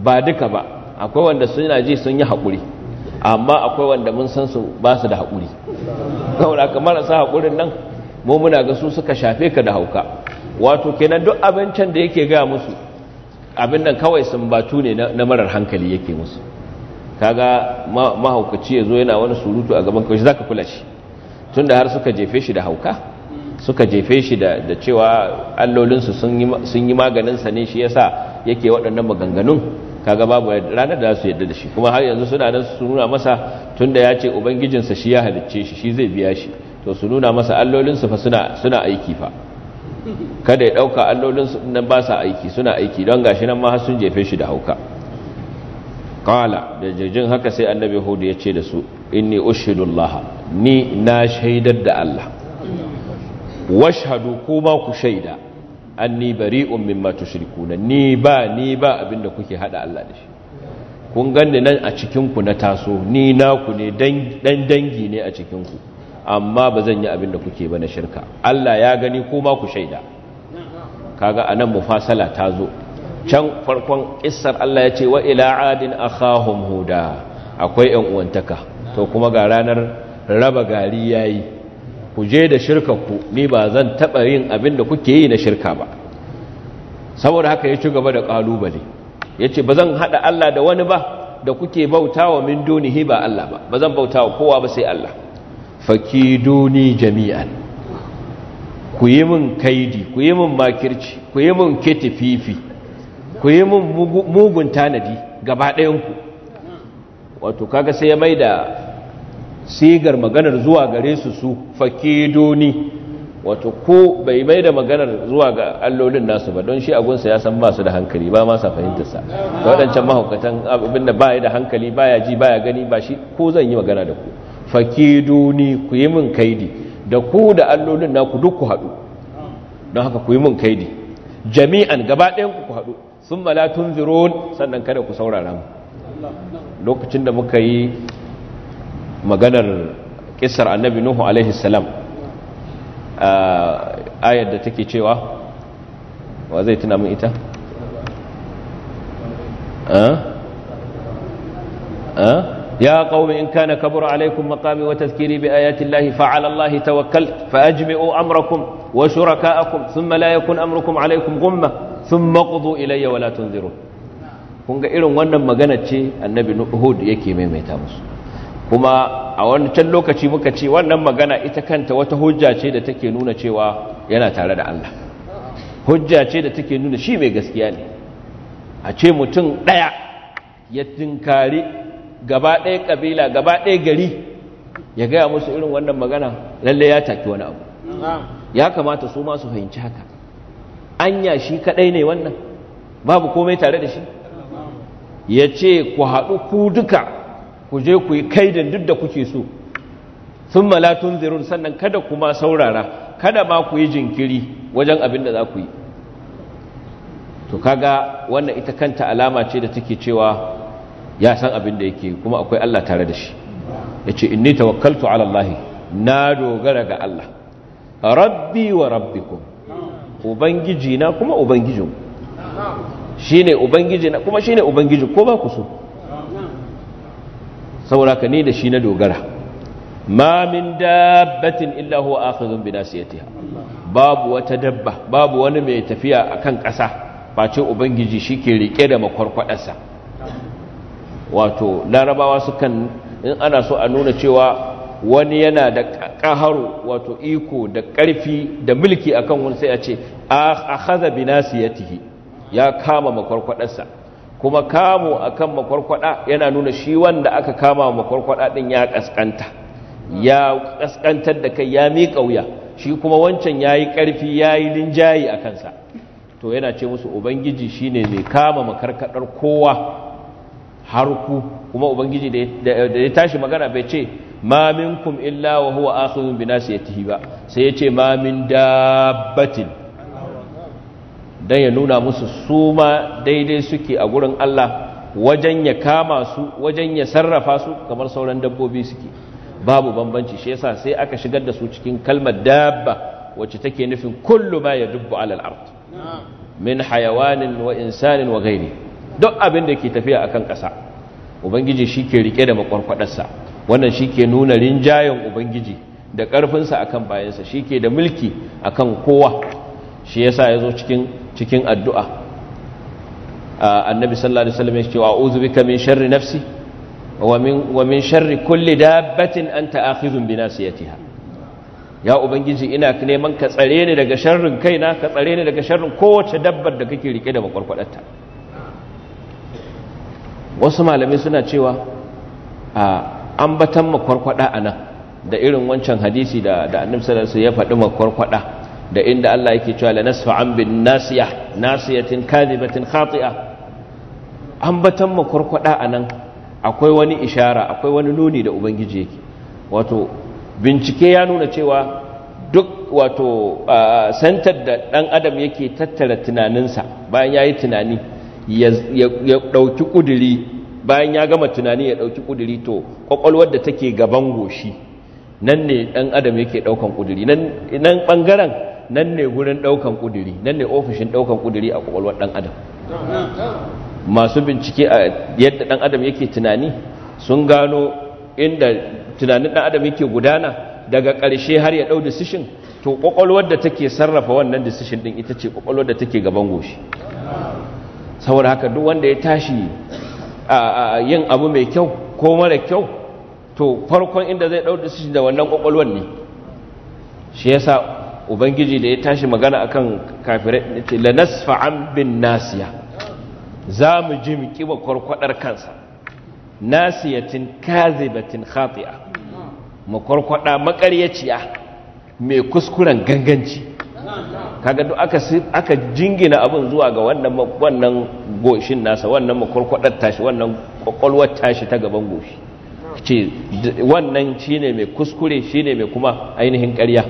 ba duka ba akwai wanda suna ji sun yi haƙuri amma akwai wanda mun san su ba su da haƙuri saboda kamar sa haƙurin nan mu muna ga su suka shafe ka da hauka wato kenan duk abincin da yake ga musu abin nan kawai sun batu ne na marar hankali yake musu kaga mahaukaci ya zo yana wani surutu a gaban kawai zaka kula shi tunda har suka jefe shi da hauka suka jefe shi da cewa allolinsu sun yi maganinsa ne shi yasa yake waɗannan maganganun kaga babu ranar da su yadda da shi kuma har yanzu suna nan su nuna masa tunda ya ce ubangijinsa shi ya halicce shi shi zai biya shi to su nuna masa allolinsu fa suna suna aiki fa kada ya dauka allolinsu nan ba sa aiki suna aiki don gashi nan ma har sun jefe shi da hauka qala da jirgin haka sai annabi hudu ya ce da su inni ushidullah ni na shaidar da Allah washhadu kuma ku shaida anni bari'un mimma tushrikuna ni ba ni ba abinda kuke hada Allah da shi kun ganni nan a cikin ku na taso ni naku ne dan dangi ne a cikin ku amma bazan yi abinda kuke ba na shirka Allah ya gani ko ma ku shaida kaga anan mufasala ta zo can farkon kissar Allah ya ce wa ila adin akhahum huda akwai ƴan uwantaka to kuma ga ranar raba gari yayi ku je da ku, ni ba zan taɓa yin abin da kuke yi na shirka ba saboda haka ya ci gaba da ƙalubale ya ce ba zan haɗa Allah da wani ba da kuke bautawa wa min dunihi ba Allah ba ba zan bauta kowa ba sai Allah fakiduni jami'an ku yi min kaidi ku yi min makirci ku yi min kitififi ku yi min mugun tanadi gaba ɗayanku wato kaga sai ya maida. sigar maganar zuwa gare su su fakidoni wato ko bai mai da maganar zuwa ga allolin nasu ba don shi agunsa ya san ba su da hankali ba ma sa fahimtarsa da waɗancan mahaukatan abin da baya da hankali baya ji baya gani ba shi ko zan yi magana da ku fakidoni ku yi min kaidi da ku da allolin naku duk ku haɗu don haka ku yi min kaidi jami'an gaba ɗayan ku haɗu sun malatun zirun sannan kada ku saurara mu lokacin da muka yi maganar kisar annabi nuhu alaihi salam ayar da take cewa wa ita? ya kawo in kana kabura alaikun makami wa taskiri bi ayatin lahi fa’alallahi tawakkal fa’ajmi’o amurakun wa shuraka’akun sun malayakun amurakun alaikun gumma sun makudu ilayya wala tun zirun kunga irin wannan magana ce annabi hud yake maimaita musu kuma a wancan lokaci muka ce wannan magana ita kanta wata hujja ce da take nuna cewa yana tare da Allah hujja ce da take nuna shi mai gaskiya ne a ce mutum ɗaya ya tinkari gaba ɗaya ƙabila gaba ɗaya gari ya gaya musu irin wannan magana lalle ya taki wani abu ya kamata su ma su fahimci haka anya shi kaɗai ne wannan babu komai tare da shi ya ce ku haɗu ku duka ku je ku yi kaidan duk da kuke so sun malatun zirun sannan kada kuma saurara kada ma ku yi jinkiri wajen abin da za ku yi to kaga wannan ita kanta alama ce da take cewa ya san abin da yake kuma akwai Allah tare da shi ya ce inni tawakkaltu ala Allah na dogara ga Allah rabbi wa rabbikum ubangiji na kuma ubangijin shine ubangiji na kuma shine ubangiji ko ba ku so saboda ka ni da shi na dogara ma min dabbatin illa huwa akhidhun bi nasiyatiha babu wata dabba babu wani mai tafiya akan ƙasa face ubangiji shike rike da makwarkwadarsa wato larabawa sukan in ana so a nuna cewa wani yana da ƙaharu wato iko da ƙarfi da mulki akan wani sai a ce ah, akhadha bi nasiyatihi ya kama makwarkwadarsa kuma kamo akan makwarkwada yana nuna shi wanda aka kama makwarkwada din ya kaskanta ya kaskantar da kai ya miƙa wuya shi kuma wancan yayi karfi yayi linjayi a kansa to yana ce musu ubangiji shine mai kama makarkadar kowa har ku kuma ubangiji da ya tashi magana bai ce ma minkum illa wa huwa akhidhun ya ba sai ya ce ma min dabbatin don ya nuna musu su ma daidai suke a gurin Allah wajen ya kama su wajen ya sarrafa su kamar sauran dabbobi suke babu bambanci shi yasa sai aka shigar da su cikin kalmar dabba wacce take nufin kullu ma yadubbu alal ard min hayawanin wa insanin wa ghairi duk abin da ke tafiya akan ƙasa ubangiji shike rike da makwarkwadarsa wannan shike nuna rinjayen ubangiji da ƙarfinsa akan bayansa shike da mulki akan kowa shi yasa yazo cikin cikin addu'a annabi sallallahu alaihi wasallam ya ce a'udhu bika min sharri nafsi wa min wa min sharri kulli dabbatin anta akhidhun bi nasiyatiha ya ubangiji ina neman ka tsare ni daga sharrin kaina ka tsare ni daga sharrin kowace dabbar da kake rike da makwarkwadarta wasu malamai suna cewa a ambatan makwarkwada anan da irin wancan hadisi da da annabi sallallahu alaihi wasallam ya faɗi makwarkwada da inda Allah yake cewa la an bin nasiya nasiyatin kadhibatin khati'a an batan makwarkwada anan akwai wani ishara akwai wani nuni da ubangiji yake wato bincike ya nuna cewa duk wato santar da dan adam yake tattara tunaninsa bayan yayi tunani ya dauki kuduri bayan ya gama tunani ya dauki kuduri to kwakwalwar da take gaban goshi nan ne dan adam yake daukan kuduri nan bangaren nan ne gurin daukan kuduri nan ne ofishin daukan kuduri a kwakwalwar dan adam masu bincike a yadda dan adam yake tunani sun gano inda tunanin dan adam yake gudana daga karshe har ya dau decision to kwakwalwar da take sarrafa wannan decision din ita ce kwakwalwar da take gaban goshi saboda haka duk wanda ya tashi a yin abu mai kyau ko mara kyau to farkon inda zai dau decision da wannan kwakwalwar ne shi yasa ubangiji da ya tashi magana akan kafirai ce an bin nasiya za mu ji mu kiwa kwarkwadar kansa nasiyatin kazibatin khati'a mu kwarkwada makaryaciya mai kuskuren ganganci kaga duk aka aka jingina abin zuwa ga wannan wannan goshin nasa wannan mu kwarkwadar tashi wannan kwakwalwar tashi ta gaban goshi ce wannan shine mai kuskure shine mai kuma ainihin ƙarya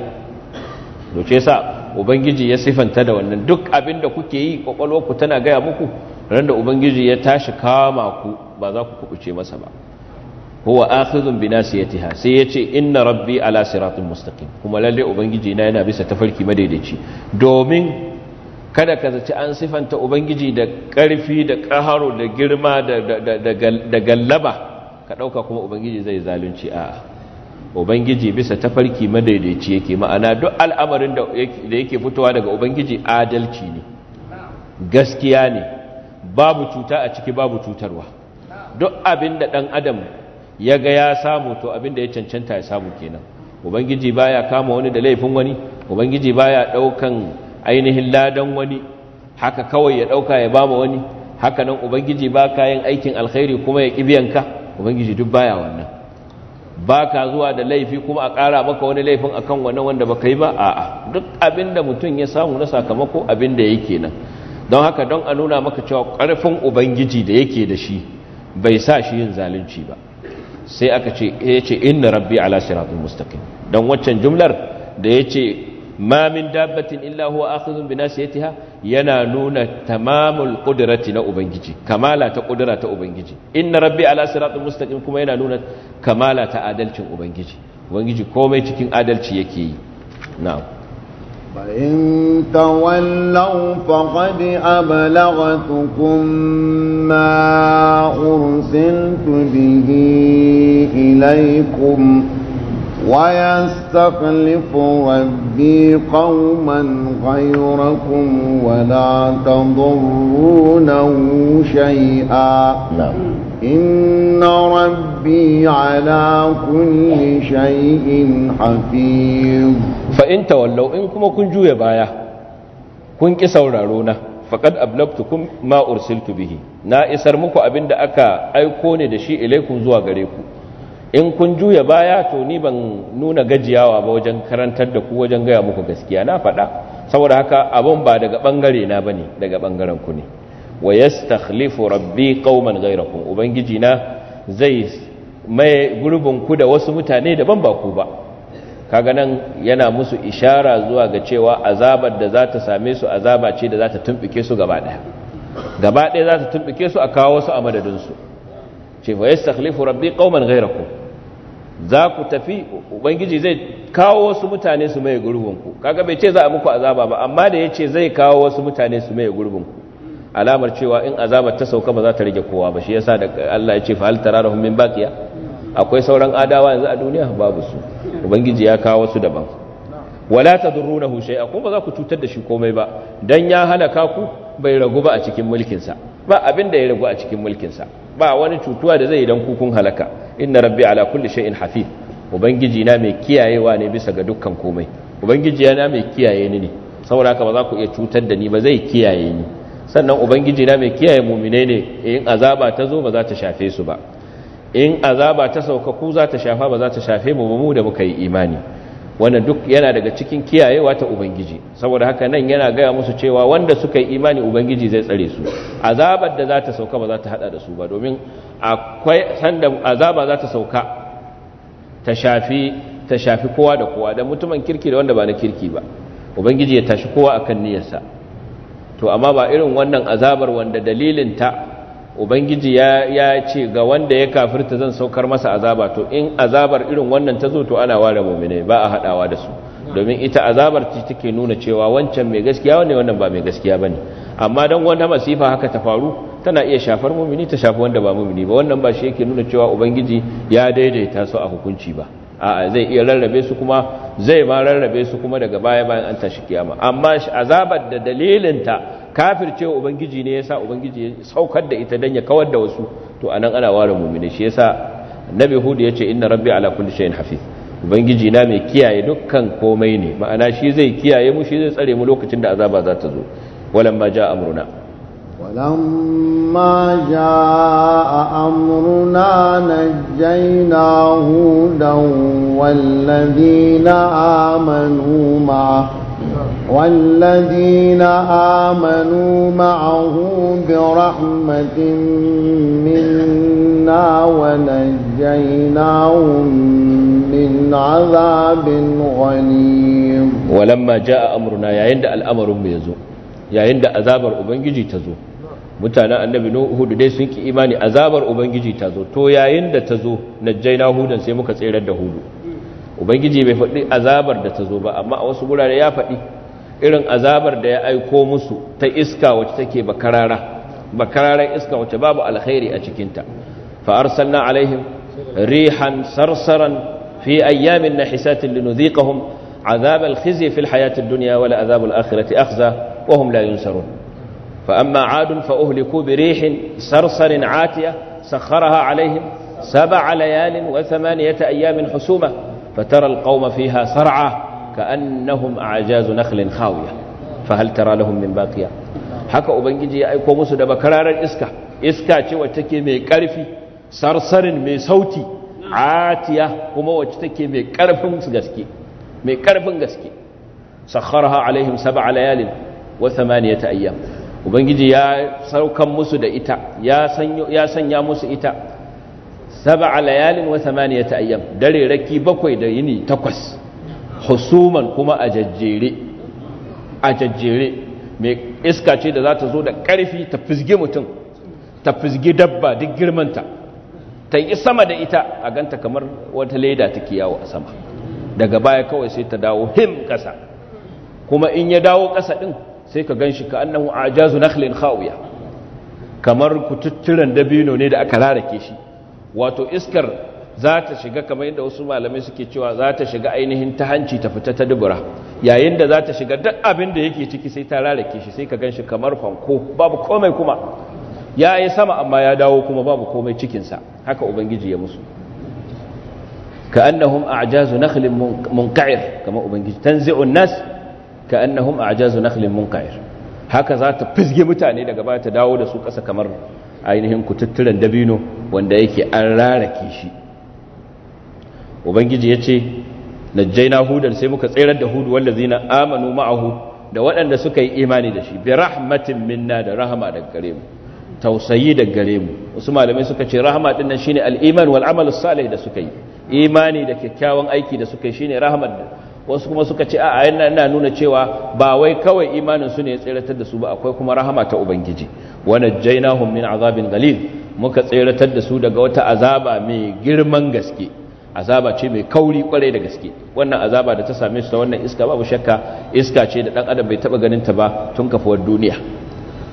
doce sa ubangiji ya sifanta da wannan duk abin da kuke yi ku tana gaya muku ran da ubangiji ya tashi kama ku ba za ku kuɓuce masa ba huwa akhizun bi nasiyatiha sai yace inna rabbi ala siratin mustaqim kuma lalle ubangiji na yana bisa tafarki madaidaici domin kada ka zaci an sifanta ubangiji da karfi da kaharo da girma da da gallaba ka dauka kuma ubangiji zai zalunci a'a ubangiji bisa tafarki madaidaici yake ma'ana duk al'amarin da yake fitowa daga ubangiji adalci ne gaskiya ne babu cuta a ciki babu cutarwa duk abin da ɗan adam ya ga ya samu to abin da ya cancanta ya samu kenan ubangiji baya kama wani da laifin wani ubangiji baya ɗaukan ainihin ladan wani haka kawai ya ɗauka ya bama wani haka nan ubangiji ba kayan aikin alkhairi kuma ya ƙibiyanka biyanka ubangiji duk baya wannan ba ka zuwa da laifi kuma a ƙara maka wani laifin a kan wani wanda ba ka yi ba a'a duk abin da mutum ya samu na sakamako abin da yake nan don haka don a nuna maka cewa ƙarfin ubangiji da yake da shi bai sa shi yin zalunci ba sai aka ce ya ce inna rabbi ala siratul mustaqim don waccan jumlar da ya ce Mamin dabbatin illa huwa akhidhun bi nasiyatiha yana nuna tamamul qudrati na ubangiji kamala ta qudra ta ubangiji inna rabbi ala siratin mustaqim kuma yana nuna kamala ta adalcin ubangiji ubangiji komai cikin adalci yake yi na'am فإن تولوا فقد أبلغتكم ما أرسلت به إليكم ويستخلف ربكم تهدي قوما غيركم ولا تضرونه شيئا إن ربي على كل شيء حفيظ فإن تولوا إنكم كن جوية بايا كن كسورارونا فقد أبلغتكم ما أرسلت به نائسر مكو أبند أكا أيكوني دشي إليكم زوا غريكم in kun juya baya to ni ban nuna gajiyawa ba wajen karantar da ku wajen gaya muku gaskiya na faɗa saboda haka abun ba daga ɓangare na ba ne daga ɓangaren ku ne wa yastakhlifu rabbi qauman ghayrakum ubangiji na zai mai gurbin ku da wasu mutane daban ba ku ba kaga nan yana musu ishara zuwa ga cewa azabar da za ta same su azaba ce da za ta tumɓuke su gaba ɗaya gaba ɗaya za ta tumɓuke su a kawo su a madadinsu ce fa yastakhlifu rabbi qauman ghayrakum za ku tafi ubangiji zai kawo wasu mutane su mai gurbinku kaga bai ce za a muku azaba ba amma da ya ce zai kawo wasu mutane su mai gurbinku alamar cewa in azabar ta sauka ba za ta rage kowa ba shi yasa da Allah ya ce fa hal tararahum min baqiya akwai sauran adawa yanzu a duniya babu su ubangiji ya kawo su daban wala tadrunahu shay'a kuma ba za ku cutar da shi komai ba dan ya halaka ku bai ragu ba a cikin mulkin sa ba abin da ya ragu a cikin mulkinsa ba wani cutuwa da zai dan kukun halaka inna rabbi ala kulli shay'in hafi. ubangiji na mai kiyayewa ne bisa ga dukkan komai ubangiji na mai kiyaye ni ne saboda haka ba za ku iya cutar da ni ba zai kiyaye ni sannan ubangiji na mai kiyaye mu'mine ne in azaba ta zo ba za ta shafe su ba in azaba ta sauka ku za ta shafa ba za ta shafe mu ba mu da muka yi imani wannan duk yana daga cikin kiyayewa ta ubangiji saboda haka nan yana gaya musu cewa wanda suka yi imani ubangiji zai tsare su azabar da za ta sauka ba za ta hada da su ba domin akwai sanda azaba za ta sauka ta shafi ta shafi kowa da kowa da mutumin kirki da wanda ba na kirki ba ubangiji ya tashi kowa akan niyyarsa to amma ba irin wannan azabar wanda dalilin ta ubangiji ya ce ga wanda ya kafirta zan saukar masa azaba to in azabar irin wannan ta zo to ana ware muminai ba a haɗawa da su domin ita azabar ce take nuna cewa wancan mai gaskiya ne wannan ba mai gaskiya bane. amma don wanda masifa haka ta faru tana iya shafar mumini ta shafi wanda ba mumini ba wannan ba shi yake nuna cewa ubangiji ya daidaita su a hukunci ba a'a zai iya rarrabe su kuma zai ma rarrabe su kuma daga baya bayan an tashi kiyama amma azabar da dalilinta kafircewa ubangiji ne yasa ubangiji ya saukar da ita dan ya kawar da wasu to anan ana ware mu'mini shi yasa annabi hud yace inna rabbi ala kulli shay'in hafiz ubangiji na mai kiyaye dukkan komai ne ma'ana shi zai kiyaye mu shi zai tsare mu lokacin da azaba za ta zo walamma ja amruna walamma ja amruna najjayna hudan wallazina amanu ma'a والذين آمنوا معه برحمة منا ونجيناهم من عذاب غليظ ولما جاء أمرنا يا عند الأمر يزو يا عند عذاب أبنجي تزو mutanen annabi hudu dai sun ki imani azabar ubangiji ta zo to yayin da ta zo na hudan sai muka tserar da hudu ubangiji bai faɗi azabar da ta zo ba amma a wasu gurare ya faɗi irin azabar da ya aiko musu ta iska wacce take bakarara bakararar iska wacce babu alkhairi a cikinta fa arsalna alaihim rihan sarsaran fi ayyamin nahisatin linudhiqahum عذاب azab alakhirati akhza wa hum la yunsarun fa amma لا fa فأما bi rihin sarsarin atiya sakharaha alaihim sab'a layalin wa thamaniyata أيام husuma فترى القوم فيها صرعى كأنهم أعجاز نخل خاوية فهل ترى لهم من باقية haka ubangiji ya aiko musu da bakararar iska iska ce wacce take mai ƙarfi. sarsarin mai sauti atiya kuma wacce take mai karfin gaske mai karfin gaske sakharaha alaihim sab'a layalin wa thamaniyata ayyam ubangiji ya saukan musu da ita ya sanya musu ita sab'a layalin ta iya ayyam dare raki bakwai da yini takwas husuman kuma a jajjere mai iska ce da za ta zo da karfi ta fizgi mutum ta fizgi dabba duk girmanta ta yi sama da ita a ganta kamar wata leda take yawo a sama daga baya kawai sai ta dawo him ƙasa kuma in ya dawo ƙasa ɗin sai ka gan shi ka annahu ajazu nakhlin khawiya kamar kututturen dabino ne da aka rarake shi wato iskar za ta shiga kamar yadda wasu malamai suke cewa za ta shiga ainihin ta hanci ta fita ta dubura yayin da za ta shiga duk abin da yake ciki sai ta rarake shi sai ka gan shi kamar fanko babu komai kuma ya yi sama amma ya dawo kuma babu komai cikinsa haka ubangiji ya musu ka annahum a'jazu nakhlin munqa'ir kamar ubangiji tanzi'un nas ka annahum a'jazu nakhlin munqa'ir haka za ta fizge mutane daga baya ta dawo da su ƙasa kamar ainihin kututturen dabino wanda yake an rarake shi ubangiji ya ce najjaina hudan sai muka tsirar da hudu zina amanu ma'ahu da waɗanda suka yi imani da shi bi rahmatin minna da rahama daga gare mu tausayi daga gare mu wasu malamai suka ce rahama dinnan shine al-iman wal amal salih da suka yi imani da kyakkyawan aiki da suka yi shine rahmat wasu kuma suka ce a yana nuna cewa ba wai kawai imanin su ne ya tseratar da su ba akwai kuma rahama ta ubangiji wa jaina min azabin galil muka tseratar da su daga wata azaba mai girman gaske azaba ce mai kauri kwarai da gaske wannan azaba da ta same su ta wannan iska babu shakka iska ce da dan adam bai taba ganin ta ba tun kafuwar duniya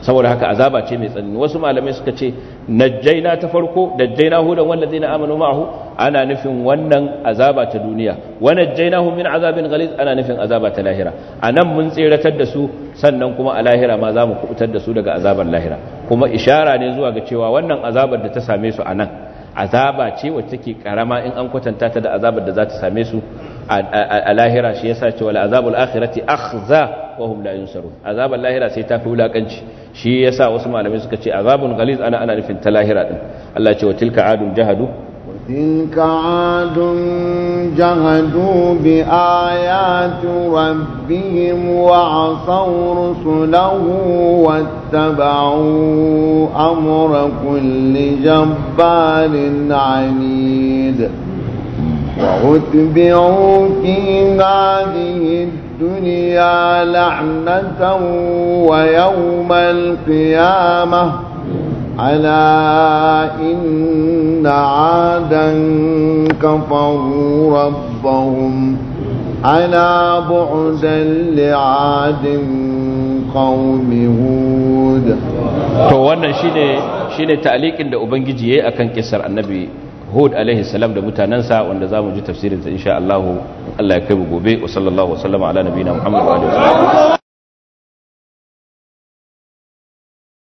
saboda haka azaba ce mai tsanani wasu malamai suka ce najjaina ta farko najjaina hu dan wallazi na amanu ma'ahu ana nufin wannan azaba ta duniya wa najjaina hu min azabin ghaliz ana nufin azaba ta lahira nan mun tseratar da su sannan kuma a lahira ma zamu kubutar da su daga azabar lahira kuma ishara ne zuwa ga cewa wannan azabar da ta same su a nan azaba ce wacce take karama in an kwatanta ta da azabar da za ta same su a lahira shi yasa cewa al'azabul akhirati akhza wa hum la yunsarun azabul lahira sai ta fi wulakanci shi yasa wasu malamai suka ce azabun ghaliz ana ana nufin ta lahira din Allah ce wa tilka adun jahadu تلك عاد جهدوا بآيات ربهم وعصوا رسله واتبعوا أمر كل جبار عنيد وأتبعوا في هذه الدنيا لعنة ويوم القيامة ألا إن عادا كفروا ربهم ألا بعدا لعاد قوم هود to wannan shine shine ta'liqin da ubangiji yayi akan kisar annabi hud alaihi salam da mutanansa wanda za mu ji tafsirin sa insha Allah Allah ya kai mu gobe wa sallallahu wa sallama ala na Muhammad wa alihi wa